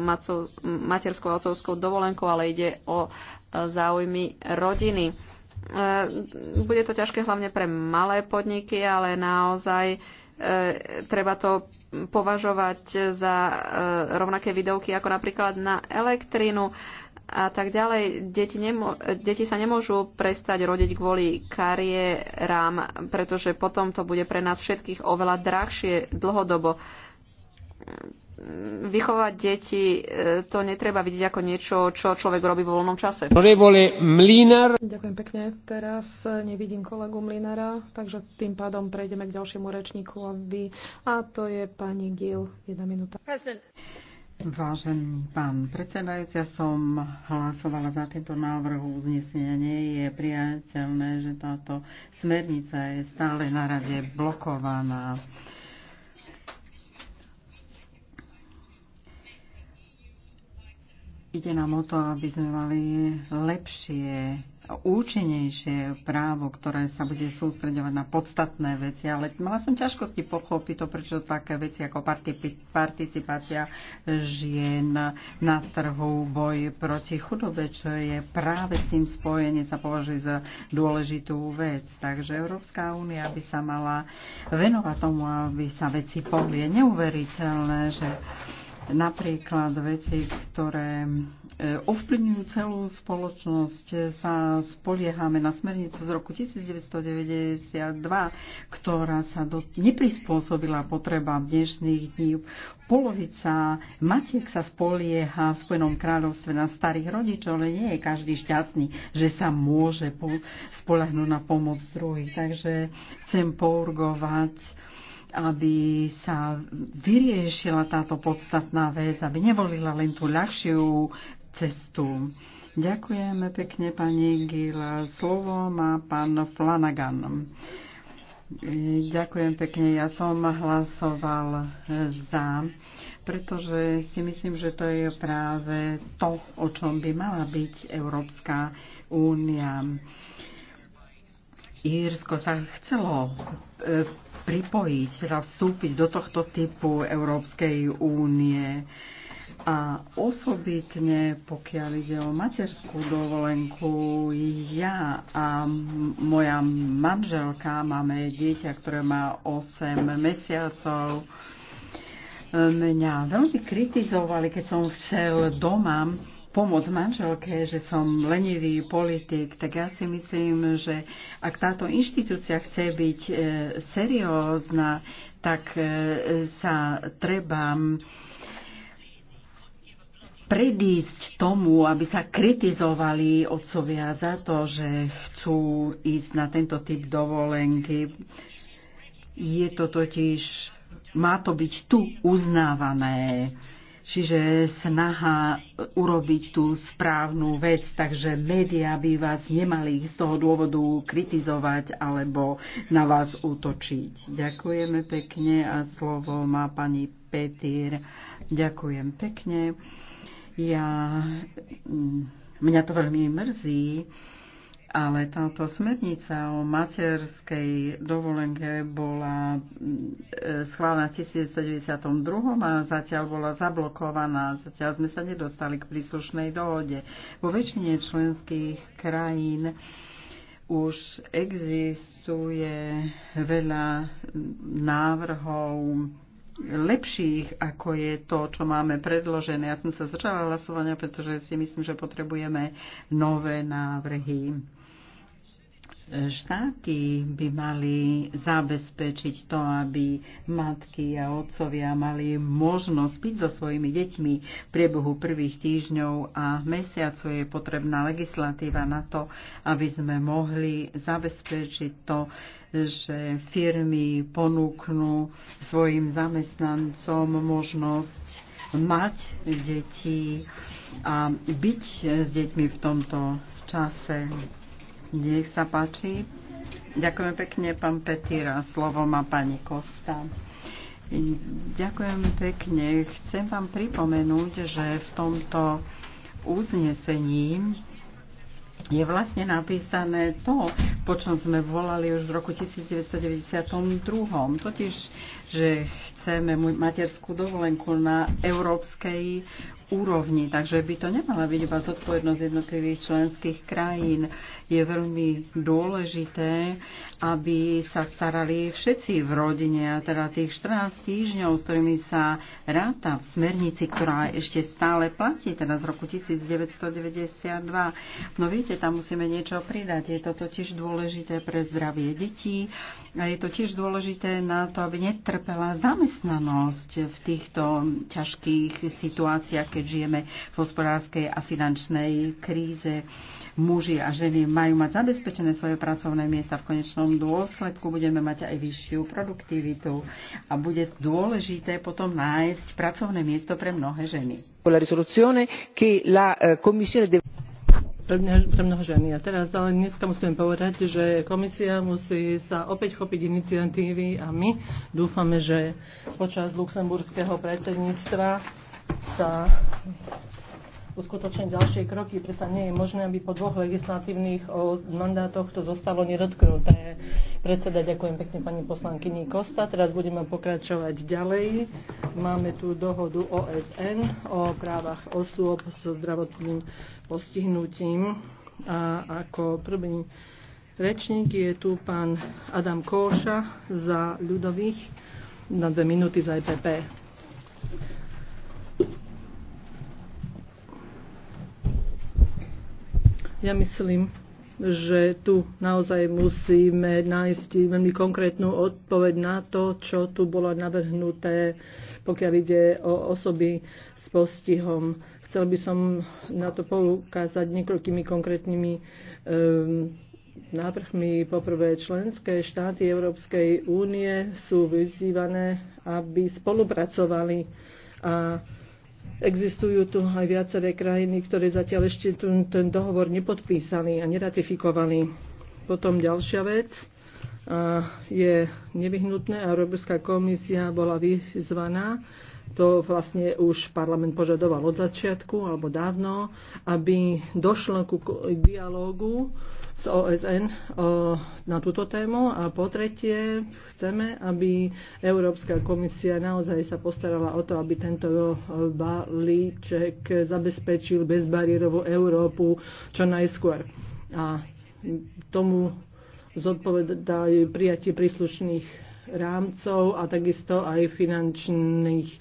materskou a otcovskou dovolenkou, ale ide o záujmy rodiny. Bude to ťažké hlavne pre malé podniky, ale naozaj treba to považovať za e, rovnaké výdavky ako napríklad na elektrínu a tak ďalej. Deti, nemo- deti sa nemôžu prestať rodiť kvôli kariérám, pretože potom to bude pre nás všetkých oveľa drahšie dlhodobo. Mm, vychovať deti, e, to netreba vidieť ako niečo, čo človek robí vo voľnom čase. Ďakujem pekne. Teraz e, nevidím kolegu Mlinara, takže tým pádom prejdeme k ďalšiemu rečníku a to je pani Gil. Jedna minúta. President. Vážený pán predsedajúci, ja som hlasovala za tento návrh uznesenia. Nie je priateľné, že táto smernica je stále na rade blokovaná. Ide nám o to, aby sme mali lepšie, účinnejšie právo, ktoré sa bude sústredovať na podstatné veci, ale mala som ťažkosti pochopiť to, prečo také veci ako participácia žien na trhu, boj proti chudobe, čo je práve s tým spojenie, sa považuje za dôležitú vec. Takže Európska únia by sa mala venovať tomu, aby sa veci pohli. Je neuveriteľné, že Napríklad veci, ktoré e, ovplyvňujú celú spoločnosť, e, sa spoliehame na smernicu z roku 1992, ktorá sa do... neprispôsobila potrebám dnešných dní. Polovica matiek sa spolieha v Spojenom kráľovstve na starých rodičov, ale nie je každý šťastný, že sa môže spolahnúť na pomoc druhých. Takže chcem pourgovať aby sa vyriešila táto podstatná vec, aby nevolila len tú ľahšiu cestu. Ďakujeme pekne, pani Gila. Slovo má pán Flanagan. Ďakujem pekne. Ja som hlasoval za, pretože si myslím, že to je práve to, o čom by mala byť Európska únia. Írsko sa chcelo e, pripojiť, teda vstúpiť do tohto typu Európskej únie. A osobitne, pokiaľ ide o materskú dovolenku, ja a moja manželka máme dieťa, ktoré má 8 mesiacov. Mňa veľmi kritizovali, keď som chcel doma pomoc manželke, že som lenivý politik, tak ja si myslím, že ak táto inštitúcia chce byť e, seriózna, tak e, sa treba predísť tomu, aby sa kritizovali otcovia za to, že chcú ísť na tento typ dovolenky. Je to totiž, má to byť tu uznávané. Čiže snaha e, urobiť tú správnu vec, takže médiá by vás nemali z toho dôvodu kritizovať alebo na vás útočiť. Ďakujeme pekne a slovo má pani Petýr. Ďakujem pekne. Ja, mňa to veľmi mrzí, ale táto smernica o materskej dovolenke bola mm, e, schválená v 1992 a zatiaľ bola zablokovaná. Zatiaľ sme sa nedostali k príslušnej dohode. Vo väčšine členských krajín už existuje veľa návrhov lepších, ako je to, čo máme predložené. Ja som sa začala hlasovania, pretože si myslím, že potrebujeme nové návrhy. Štáty by mali zabezpečiť to, aby matky a otcovia mali možnosť byť so svojimi deťmi v priebehu prvých týždňov a mesiacov. Je potrebná legislatíva na to, aby sme mohli zabezpečiť to, že firmy ponúknú svojim zamestnancom možnosť mať deti a byť s deťmi v tomto čase. Nech sa páči. Ďakujem pekne, pán a Slovo má pani Kosta. Ďakujem pekne. Chcem vám pripomenúť, že v tomto uznesení je vlastne napísané to, po čom sme volali už v roku 1992, totiž že chceme materskú dovolenku na európskej úrovni. Takže by to nemala byť iba zodpovednosť jednotlivých členských krajín. Je veľmi dôležité, aby sa starali všetci v rodine, a teda tých 14 týždňov, s ktorými sa ráta v smernici, ktorá ešte stále platí, teda z roku 1992. No viete, tam musíme niečo pridať. Je to totiž dôležité pre zdravie detí a je to tiež dôležité na to, aby netrpeli utrpela zamestnanosť v týchto ťažkých situáciách, keď žijeme v hospodárskej a finančnej kríze. Muži a ženy majú mať zabezpečené svoje pracovné miesta. V konečnom dôsledku budeme mať aj vyššiu produktivitu a bude dôležité potom nájsť pracovné miesto pre mnohé ženy pre, mňa, pre mnoho ženy. A teraz ale dneska musím povedať, že komisia musí sa opäť chopiť iniciatívy a my dúfame, že počas luxemburského predsedníctva sa uskutočniť ďalšie kroky. Predsa nie je možné, aby po dvoch legislatívnych mandátoch to zostalo nedotknuté. Predseda, ďakujem pekne pani poslankyni Kosta. Teraz budeme pokračovať ďalej. Máme tu dohodu OSN o právach osôb so zdravotným postihnutím. A ako prvý rečník je tu pán Adam Kóša za ľudových na dve minúty za EPP. Ja myslím, že tu naozaj musíme nájsť veľmi konkrétnu odpoveď na to, čo tu bolo navrhnuté, pokiaľ ide o osoby s postihom. Chcel by som na to poukázať niekoľkými konkrétnymi um, návrhmi. Poprvé, členské štáty Európskej únie sú vyzývané, aby spolupracovali a Existujú tu aj viaceré krajiny, ktoré zatiaľ ešte ten dohovor nepodpísali a neratifikovali. Potom ďalšia vec a je nevyhnutné a Európska komisia bola vyzvaná, to vlastne už parlament požadoval od začiatku alebo dávno, aby došlo ku dialógu z OSN o, na túto tému. A po tretie, chceme, aby Európska komisia naozaj sa postarala o to, aby tento e, balíček zabezpečil bezbariérovú Európu čo najskôr. A tomu zodpovedá prijatie príslušných rámcov a takisto aj finančných e,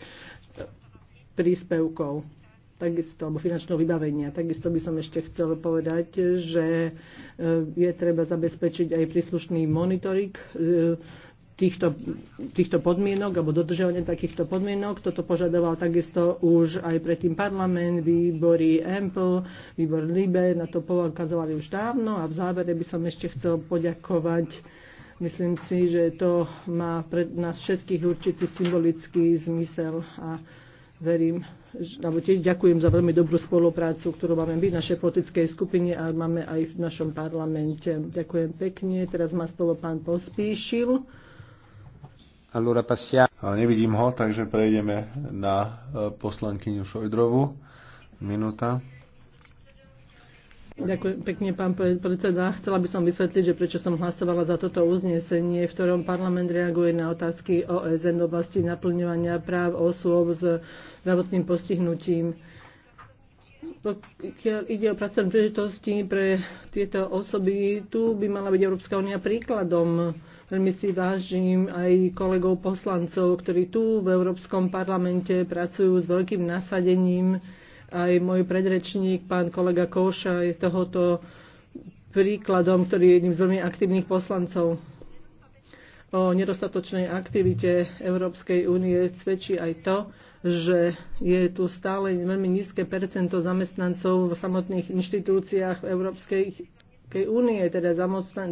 príspevkov takisto, alebo finančného vybavenia. Takisto by som ešte chcel povedať, že e, je treba zabezpečiť aj príslušný monitoring e, týchto, týchto podmienok alebo dodržiavania takýchto podmienok. Toto požadoval takisto už aj predtým parlament, výbory EMPL, výbor LIBE, na to poukazovali už dávno a v závere by som ešte chcel poďakovať Myslím si, že to má pre nás všetkých určitý symbolický zmysel a verím, alebo tiež ďakujem za veľmi dobrú spoluprácu, ktorú máme my v našej politickej skupine a máme aj v našom parlamente. Ďakujem pekne. Teraz má slovo pán Pospíšil. Allora passiamo. Nevidím ho, takže prejdeme na eh, poslankyňu Šojdrovu. Minúta. Ďakujem pekne, pán predseda. Chcela by som vysvetliť, že prečo som hlasovala za toto uznesenie, v ktorom parlament reaguje na otázky OSN v oblasti naplňovania práv osôb s zdravotným postihnutím. Pokiaľ ide o pracovné príležitosti pre tieto osoby, tu by mala byť Európska únia príkladom. Veľmi si vážim aj kolegov poslancov, ktorí tu v Európskom parlamente pracujú s veľkým nasadením aj môj predrečník, pán kolega Koša, je tohoto príkladom, ktorý je jedným z veľmi aktívnych poslancov. O nedostatočnej aktivite Európskej únie svedčí aj to, že je tu stále veľmi nízke percento zamestnancov v samotných inštitúciách Európskej únie, teda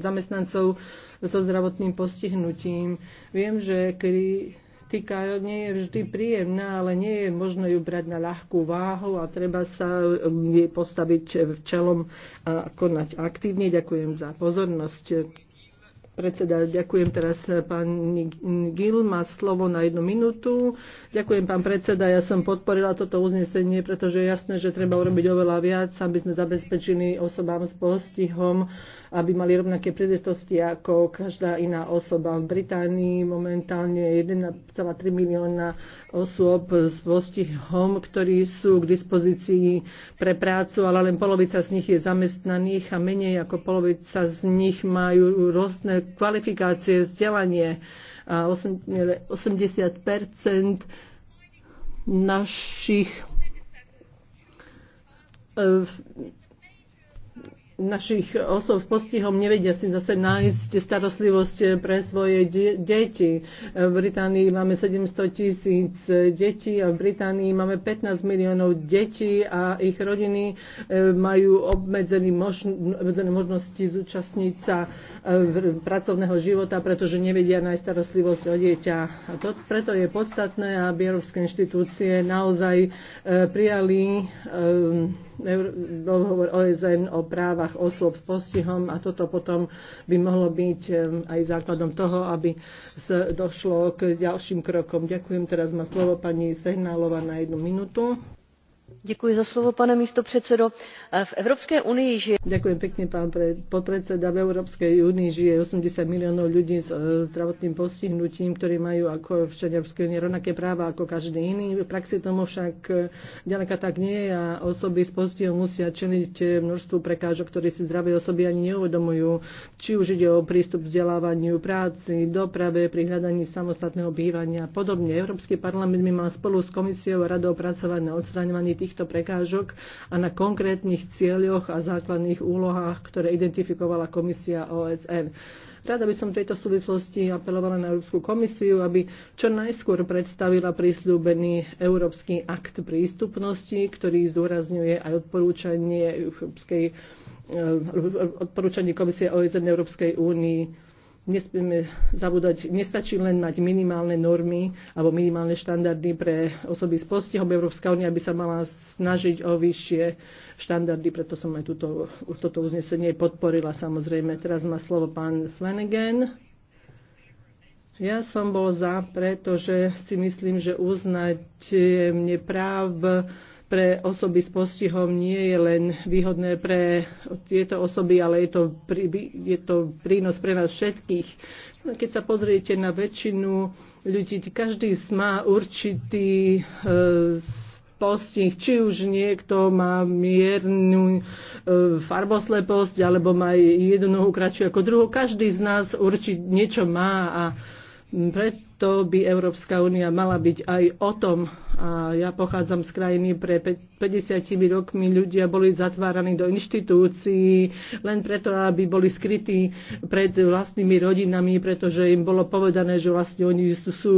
zamestnancov so zdravotným postihnutím. Viem, že kri praktika nie je vždy príjemná, ale nie je možné ju brať na ľahkú váhu a treba sa um, jej postaviť v čelom a konať aktívne. Ďakujem za pozornosť. Predseda, ďakujem teraz eh, pani Gil, má slovo na jednu minútu. Ďakujem pán predseda, ja som podporila toto uznesenie, pretože je jasné, že treba urobiť oveľa viac, aby sme zabezpečili osobám s postihom aby mali rovnaké príležitosti ako každá iná osoba. V Británii momentálne 1,3 milióna osôb s postihom, ktorí sú k dispozícii pre prácu, ale len polovica z nich je zamestnaných a menej ako polovica z nich majú rôzne kvalifikácie, vzdelanie. A 80 našich e, našich osob postihom nevedia si zase nájsť starostlivosť pre svoje de- deti. V Británii máme 700 tisíc detí a v Británii máme 15 miliónov detí a ich rodiny e, majú obmedzené možn- možnosti zúčastniť sa e, pracovného života, pretože nevedia nájsť starostlivosť o dieťa. A to, preto je podstatné, aby európske inštitúcie naozaj e, prijali dohovor OSN o právach právach osôb s postihom a toto potom by mohlo byť aj základom toho, aby došlo k ďalším krokom. Ďakujem, teraz má slovo pani Sehnálova na jednu minútu v Európskej únii žije... Ďakujem pekne, pán podpredseda. V Európskej únii žije 80 miliónov ľudí s e, zdravotným postihnutím, ktorí majú ako v Európskej únii rovnaké práva ako každý iný. V praxi tomu však e, ďaleka tak nie je a osoby s postihom musia čeliť e, množstvu prekážok, ktoré si zdravé osoby ani neuvedomujú. Či už ide o prístup k vzdelávaniu, práci, doprave, pri hľadaní samostatného bývania a podobne. Európsky parlament by mal spolu s komisiou a radou pracovať na odstraňovaní tých týchto prekážok a na konkrétnych cieľoch a základných úlohách, ktoré identifikovala komisia OSN. Rada by som v tejto súvislosti apelovala na Európsku komisiu, aby čo najskôr predstavila prislúbený Európsky akt prístupnosti, ktorý zdôrazňuje aj odporúčanie, Európskej, eh, odporúčanie Komisie OSN Európskej únii nesmieme zabúdať, nestačí len mať minimálne normy alebo minimálne štandardy pre osoby s postihom. Európska únia by sa mala snažiť o vyššie štandardy, preto som aj túto, toto uznesenie podporila samozrejme. Teraz má slovo pán Flanagan. Ja som bol za, pretože si myslím, že uznať práv pre osoby s postihom nie je len výhodné pre tieto osoby, ale je to, prí, je to prínos pre nás všetkých. No, keď sa pozriete na väčšinu ľudí, každý má určitý e, postih, či už niekto má miernu e, farbosleposť, alebo má jednu nohu kratšiu ako druhú. Každý z nás určite niečo má a preto to by Európska únia mala byť aj o tom. A ja pochádzam z krajiny, pre 50 rokmi ľudia boli zatváraní do inštitúcií len preto, aby boli skrytí pred vlastnými rodinami, pretože im bolo povedané, že vlastne oni sú, sú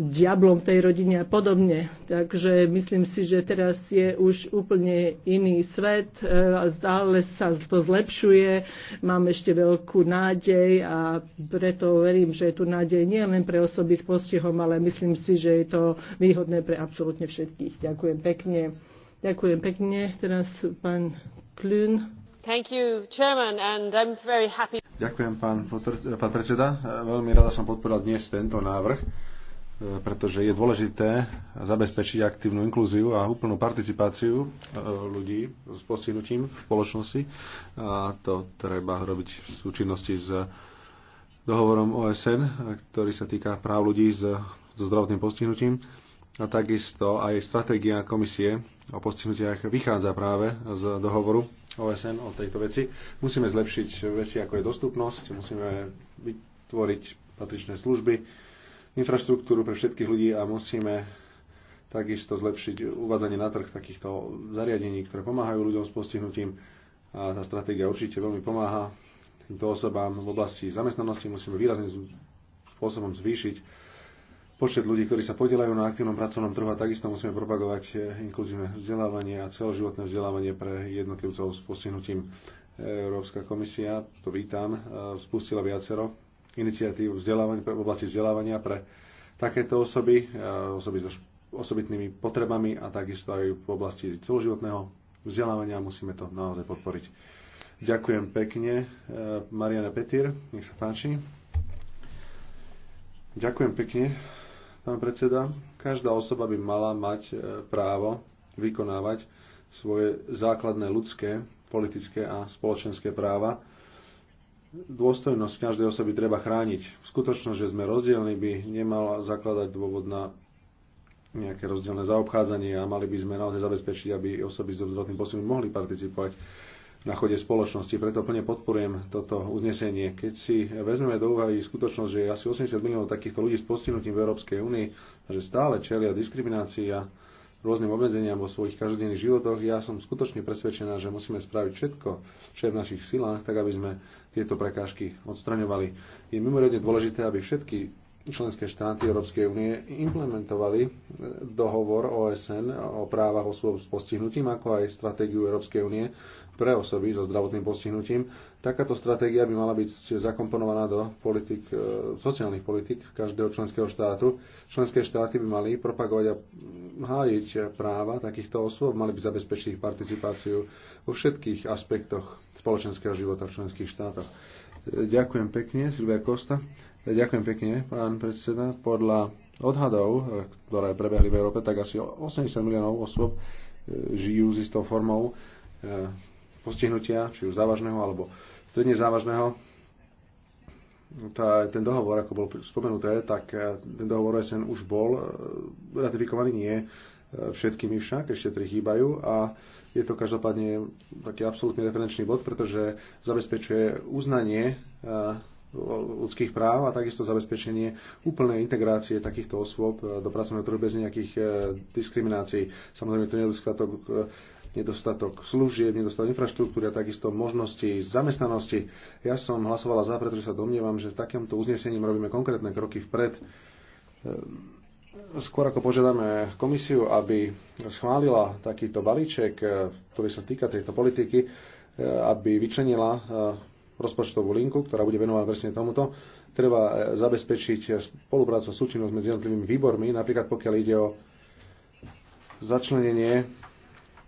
diablom tej rodine a podobne. Takže myslím si, že teraz je už úplne iný svet, e, stále sa to zlepšuje, mám ešte veľkú nádej a preto verím, že je tu nádej nie len pre osoby, s postihom, ale myslím si, že je to výhodné pre absolútne všetkých. Ďakujem pekne. Ďakujem pekne. Teraz pán Klün. Thank you, Chairman, and I'm very happy. Ďakujem, pán, pán predseda. Veľmi rada som podporila dnes tento návrh, e, pretože je dôležité zabezpečiť aktívnu inklúziu a úplnú participáciu e, ľudí s postihnutím v spoločnosti. A to treba robiť v súčinnosti s dohovorom OSN, ktorý sa týka práv ľudí s, so zdravotným postihnutím. A takisto aj stratégia komisie o postihnutiach vychádza práve z dohovoru OSN o tejto veci. Musíme zlepšiť veci, ako je dostupnosť, musíme vytvoriť patričné služby, infraštruktúru pre všetkých ľudí a musíme takisto zlepšiť uvádzanie na trh takýchto zariadení, ktoré pomáhajú ľuďom s postihnutím. A tá stratégia určite veľmi pomáha týmto osobám v oblasti zamestnanosti. Musíme výrazným spôsobom zvýšiť počet ľudí, ktorí sa podielajú na aktívnom pracovnom trhu a takisto musíme propagovať eh, inkluzívne vzdelávanie a celoživotné vzdelávanie pre jednotlivcov s postihnutím. Európska komisia, to vítam, eh, spustila viacero iniciatív v oblasti vzdelávania pre takéto osoby, eh, osoby so osobitnými potrebami a takisto aj v oblasti celoživotného vzdelávania musíme to naozaj podporiť. Ďakujem pekne. Eh, Mariana Petir, nech sa páči. Ďakujem pekne, pán predseda. Každá osoba by mala mať eh, právo vykonávať svoje základné ľudské, politické a spoločenské práva. Dôstojnosť každej osoby treba chrániť. Skutočnosť, že sme rozdielni, by nemala zakladať dôvod na nejaké rozdielne zaobchádzanie a mali by sme naozaj zabezpečiť, aby osoby so zdravotným postupom mohli participovať na chode spoločnosti. Preto plne podporujem toto uznesenie. Keď si vezmeme do úvahy skutočnosť, že asi 80 miliónov takýchto ľudí s postihnutím v Európskej únii, že stále čelia diskriminácii a rôznym obmedzeniam vo svojich každodenných životoch, ja som skutočne presvedčená, že musíme spraviť všetko, čo je v našich silách, tak aby sme tieto prekážky odstraňovali. Je mimoriadne dôležité, aby všetky členské štáty Európskej únie implementovali e, dohovor OSN o právach osôb s postihnutím, ako aj stratégiu Európskej únie pre osoby so zdravotným postihnutím. Takáto stratégia by mala byť zakomponovaná do politik, e, sociálnych politik každého členského štátu. Členské štáty by mali propagovať a hájiť práva takýchto osôb, mali by zabezpečiť ich participáciu vo všetkých aspektoch spoločenského života v členských štátoch. E, ďakujem pekne, Silvia Kosta. E, ďakujem pekne, pán predseda. Podľa odhadov, ktoré prebehli v Európe, tak asi 80 miliónov osôb žijú s istou formou postihnutia, či už závažného alebo stredne závažného. Tá, ten dohovor, ako bol spomenuté, tak eh, ten dohovor SN už bol eh, ratifikovaný, nie eh, všetkými však, ešte tri chýbajú a je to každopádne taký absolútny referenčný bod, pretože zabezpečuje uznanie ľudských práv a takisto zabezpečenie úplnej integrácie takýchto osôb do pracovného trhu bez nejakých diskriminácií. Samozrejme, to nedostatok nedostatok služieb, nedostatok infraštruktúry a takisto možnosti zamestnanosti. Ja som hlasovala za, pretože sa domnievam, že s takýmto uznesením robíme konkrétne kroky vpred. Ehm, skôr ako požiadame komisiu, aby schválila takýto balíček, e, ktorý sa týka tejto politiky, e, aby vyčlenila e, rozpočtovú linku, ktorá bude venovaná presne tomuto, treba zabezpečiť spoluprácu a súčinnosť medzi jednotlivými výbormi, napríklad pokiaľ ide o začlenenie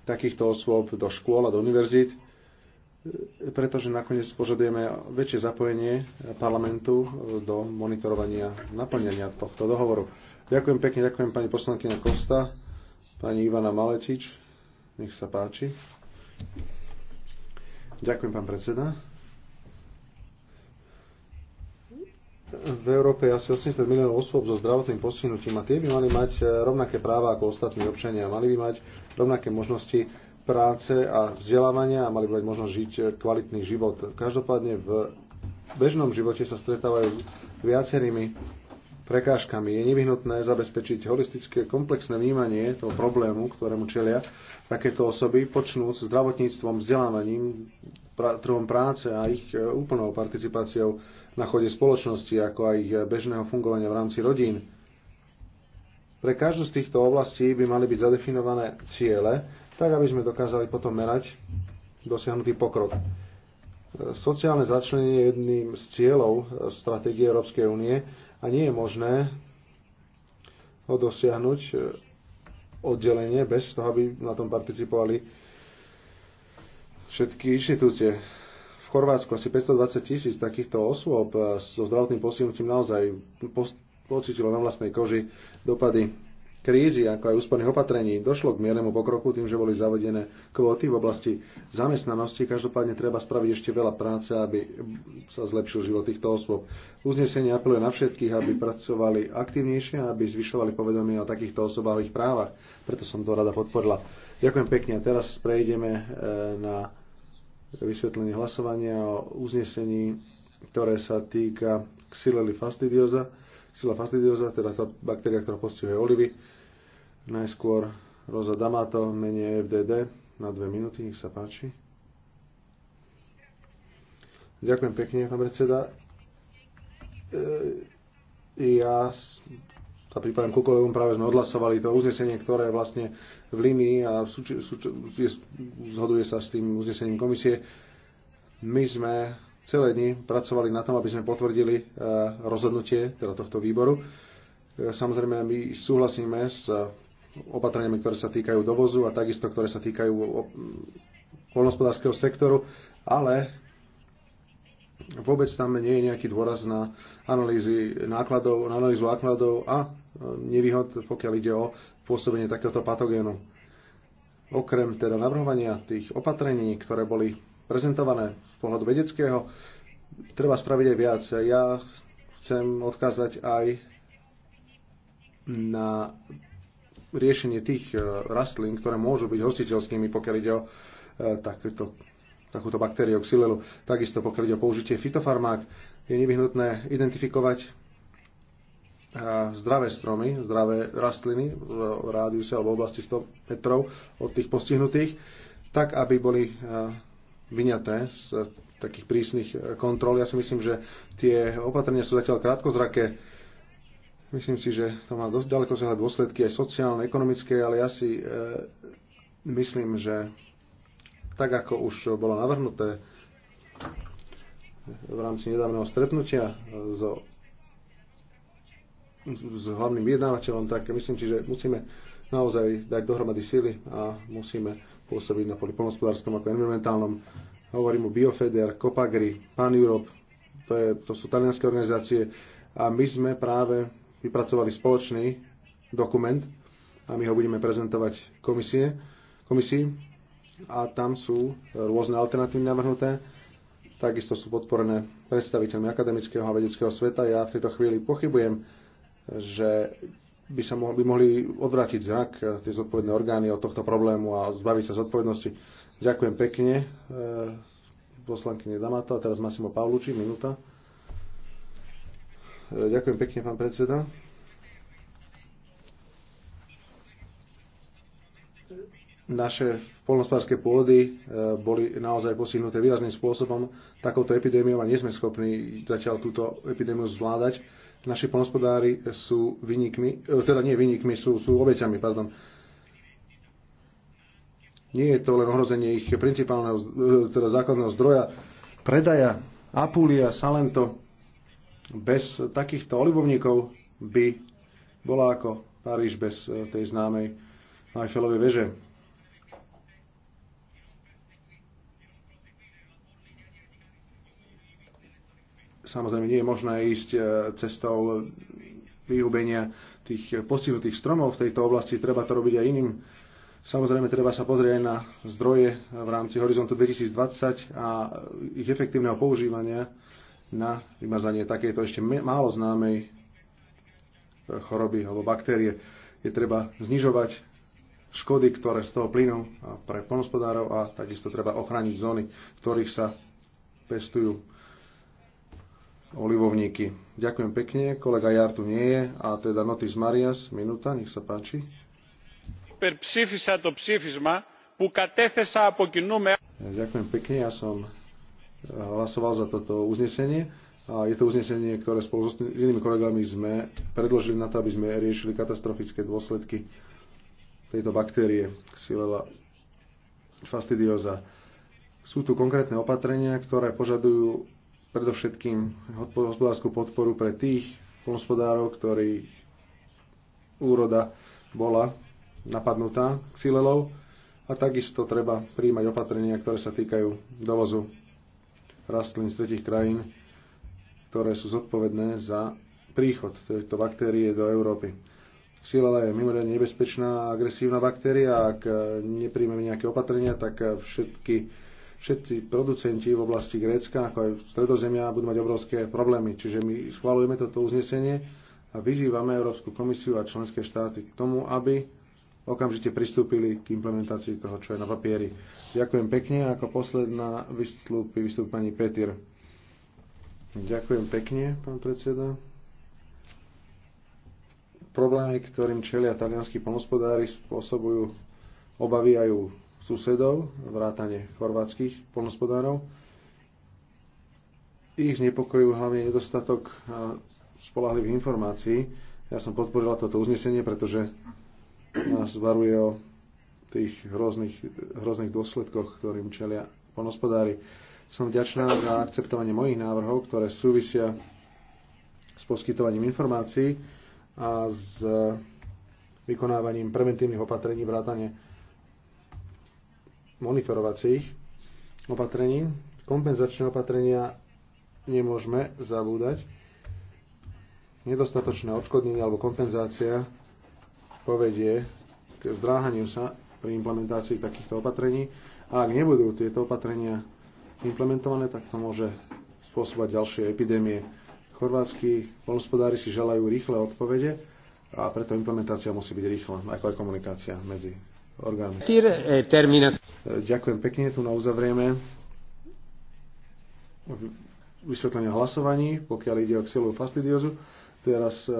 takýchto osôb do škôl a do univerzít, pretože nakoniec požadujeme väčšie zapojenie parlamentu do monitorovania naplňania tohto dohovoru. Ďakujem pekne, ďakujem pani poslankyňa Kosta, pani Ivana Maletič, nech sa páči. Ďakujem, pán predseda. v Európe je asi 80 miliónov osôb so zdravotným postihnutím a tie by mali mať e, rovnaké práva ako ostatní občania. Mali by mať rovnaké možnosti práce a vzdelávania a mali by mať možnosť žiť e, kvalitný život. Každopádne v bežnom živote sa stretávajú s viacerými prekážkami. Je nevyhnutné zabezpečiť holistické komplexné vnímanie toho problému, ktorému čelia takéto osoby, počnúť s zdravotníctvom, vzdelávaním, trhom práce a ich e, úplnou participáciou na chode spoločnosti, ako aj ich bežného fungovania v rámci rodín. Pre každú z týchto oblastí by mali byť zadefinované ciele, tak aby sme dokázali potom merať dosiahnutý pokrok. Sociálne začlenenie je jedným z cieľov stratégie Európskej únie a nie je možné ho dosiahnuť e, oddelenie bez toho, aby na tom participovali všetky inštitúcie v Chorvátsku asi 520 tisíc takýchto osôb e, so zdravotným postihnutím naozaj pocitilo na vlastnej koži dopady krízy, ako aj úsporných opatrení. Došlo k miernemu pokroku tým, že boli zavedené kvóty v oblasti zamestnanosti. Každopádne treba spraviť ešte veľa práce, aby sa zlepšil život týchto osôb. Uznesenie apeluje na všetkých, aby pracovali aktívnejšie, aby zvyšovali povedomie o takýchto osobách ich právach. Preto som to rada podporila. Ďakujem pekne. teraz prejdeme e, na vysvetlenie hlasovania o uznesení, ktoré sa týka Xylella fastidiosa, Xylla fastidiosa, teda tá baktéria, ktorá postihuje olivy. Najskôr Rosa Damato, menej FDD, na dve minúty, nech sa páči. Ďakujem pekne, pán predseda. E, ja sa pripájam ku kolegom, práve sme odhlasovali to uznesenie, ktoré vlastne v línii a súč- zhoduje sa s tým uznesením komisie. My sme celé dni pracovali na tom, aby sme potvrdili e, rozhodnutie teda tohto výboru. E, samozrejme, my súhlasíme s opatreniami, ktoré sa týkajú dovozu a takisto, ktoré sa týkajú poľnohospodárskeho sektoru, ale vôbec tam nie je nejaký dôraz na analýzy nákladov, na analýzu nákladov a nevýhod, pokiaľ ide o pôsobenie takéhoto patogénu. Okrem teda navrhovania tých opatrení, ktoré boli prezentované z pohľadu vedeckého, treba spraviť aj viac. Ja chcem odkázať aj na riešenie tých e, rastlín, ktoré môžu byť hostiteľskými, pokiaľ ide o e, takúto, takúto baktériu xylelu. Takisto pokiaľ ide o použitie fitofarmák, je nevyhnutné identifikovať zdravé stromy, zdravé rastliny v rádiuse alebo v oblasti 100 metrov od tých postihnutých, tak aby boli e, vyňaté z takých prísnych e, kontrol. Ja si myslím, že tie opatrenia sú zatiaľ krátkozraké. Myslím si, že to má dosť ďaleko siahle dôsledky aj sociálne, ekonomické, ale ja si e, myslím, že tak ako už bolo navrhnuté v rámci nedávneho stretnutia so s hlavným vyjednávateľom, tak myslím si, že musíme naozaj dať dohromady sily a musíme pôsobiť na poli polnospodárskom ako environmentálnom. Hovorím o Biofeder, Copagri, Pan Europe, to, je, to sú talianské organizácie a my sme práve vypracovali spoločný dokument a my ho budeme prezentovať komisie, komisii a tam sú rôzne alternatívy navrhnuté. Takisto sú podporené predstaviteľmi akademického a vedeckého sveta. Ja v tejto chvíli pochybujem, že by sa mohli, by mohli odvrátiť zrak eh, tie zodpovedné orgány od tohto problému a zbaviť sa zodpovednosti. Ďakujem pekne, e, poslankyne Damato a teraz Massimo Pavluči, minúta. E, ďakujem pekne, pán predseda. Naše polnospárske pôdy e, boli naozaj posihnuté výrazným spôsobom takouto epidémiou a nie sme schopní zatiaľ túto epidémiu zvládať Naši pomospodári sú vynikmi, e, teda nie vynikmi, sú, sú obeťami, pardon. Nie je to len ohrozenie ich principálneho, e, teda základného zdroja, predaja, Apulia, Salento. Bez takýchto olivovníkov by bola ako Paríž bez e, tej známej Eiffelovej veže. Samozrejme, nie je možné ísť e, cestou vyhubenia tých postihnutých stromov v tejto oblasti, treba to robiť aj iným. Samozrejme, treba sa pozrieť aj na zdroje v rámci Horizontu 2020 a ich efektívneho používania na vymazanie takejto ešte málo známej choroby alebo baktérie. Je treba znižovať škody, ktoré z toho plynú pre polnospodárov a takisto treba ochrániť zóny, v ktorých sa pestujú olivovníky. Ďakujem pekne, kolega Jar tu nie je a teda Notis Marias, minúta, nech sa páči. Ďakujem pekne, ja som eh, hlasoval za toto uznesenie a je to uznesenie, ktoré spolu s inými kolegami sme predložili na to, aby sme riešili katastrofické dôsledky tejto baktérie Xylella fastidiosa. Sú tu konkrétne opatrenia, ktoré požadujú predovšetkým hospodárskú podporu pre tých hospodárov, ktorí úroda bola napadnutá xylelou a takisto treba príjmať opatrenia, ktoré sa týkajú dovozu rastlín z tretich krajín, ktoré sú zodpovedné za príchod tejto baktérie do Európy. Xylella je mimoriadne nebezpečná a agresívna baktéria a ak nepríjmeme nejaké opatrenia, tak všetky všetci producenti v oblasti Grécka, ako aj Stredozemia, budú mať obrovské problémy. Čiže my schválujeme toto uznesenie a vyzývame Európsku komisiu a členské štáty k tomu, aby okamžite pristúpili k implementácii toho, čo je na papieri. Ďakujem pekne. Ako posledná vystúpi, vystúpi pani Petir. Ďakujem pekne, pán predseda. Problémy, ktorým čelia talianskí pomospodári, spôsobujú obavy aj u susedov, vrátane chorvátskych polnospodárov. Ich znepokojujú hlavne nedostatok spolahlivých informácií. Ja som podporila toto uznesenie, pretože nás varuje o tých hrozných, hrozných dôsledkoch, ktorým čelia polnospodári. Som vďačná za akceptovanie mojich návrhov, ktoré súvisia s poskytovaním informácií a s vykonávaním preventívnych opatrení vrátane monitorovacích opatrení. Kompenzačné opatrenia nemôžeme zabúdať. Nedostatočné odškodnenie alebo kompenzácia povedie k zdráhaniu sa pri implementácii takýchto opatrení a ak nebudú tieto opatrenia implementované, tak to môže spôsobať ďalšie epidémie. Chorvátsky polnospodári si želajú rýchle odpovede a preto implementácia musí byť rýchla, ako aj komunikácia medzi orgánmi. Eh, Ďakujem pekne, tu na uzavrieme vysvetlenia hlasovaní, pokiaľ ide o fastidiozu. Teraz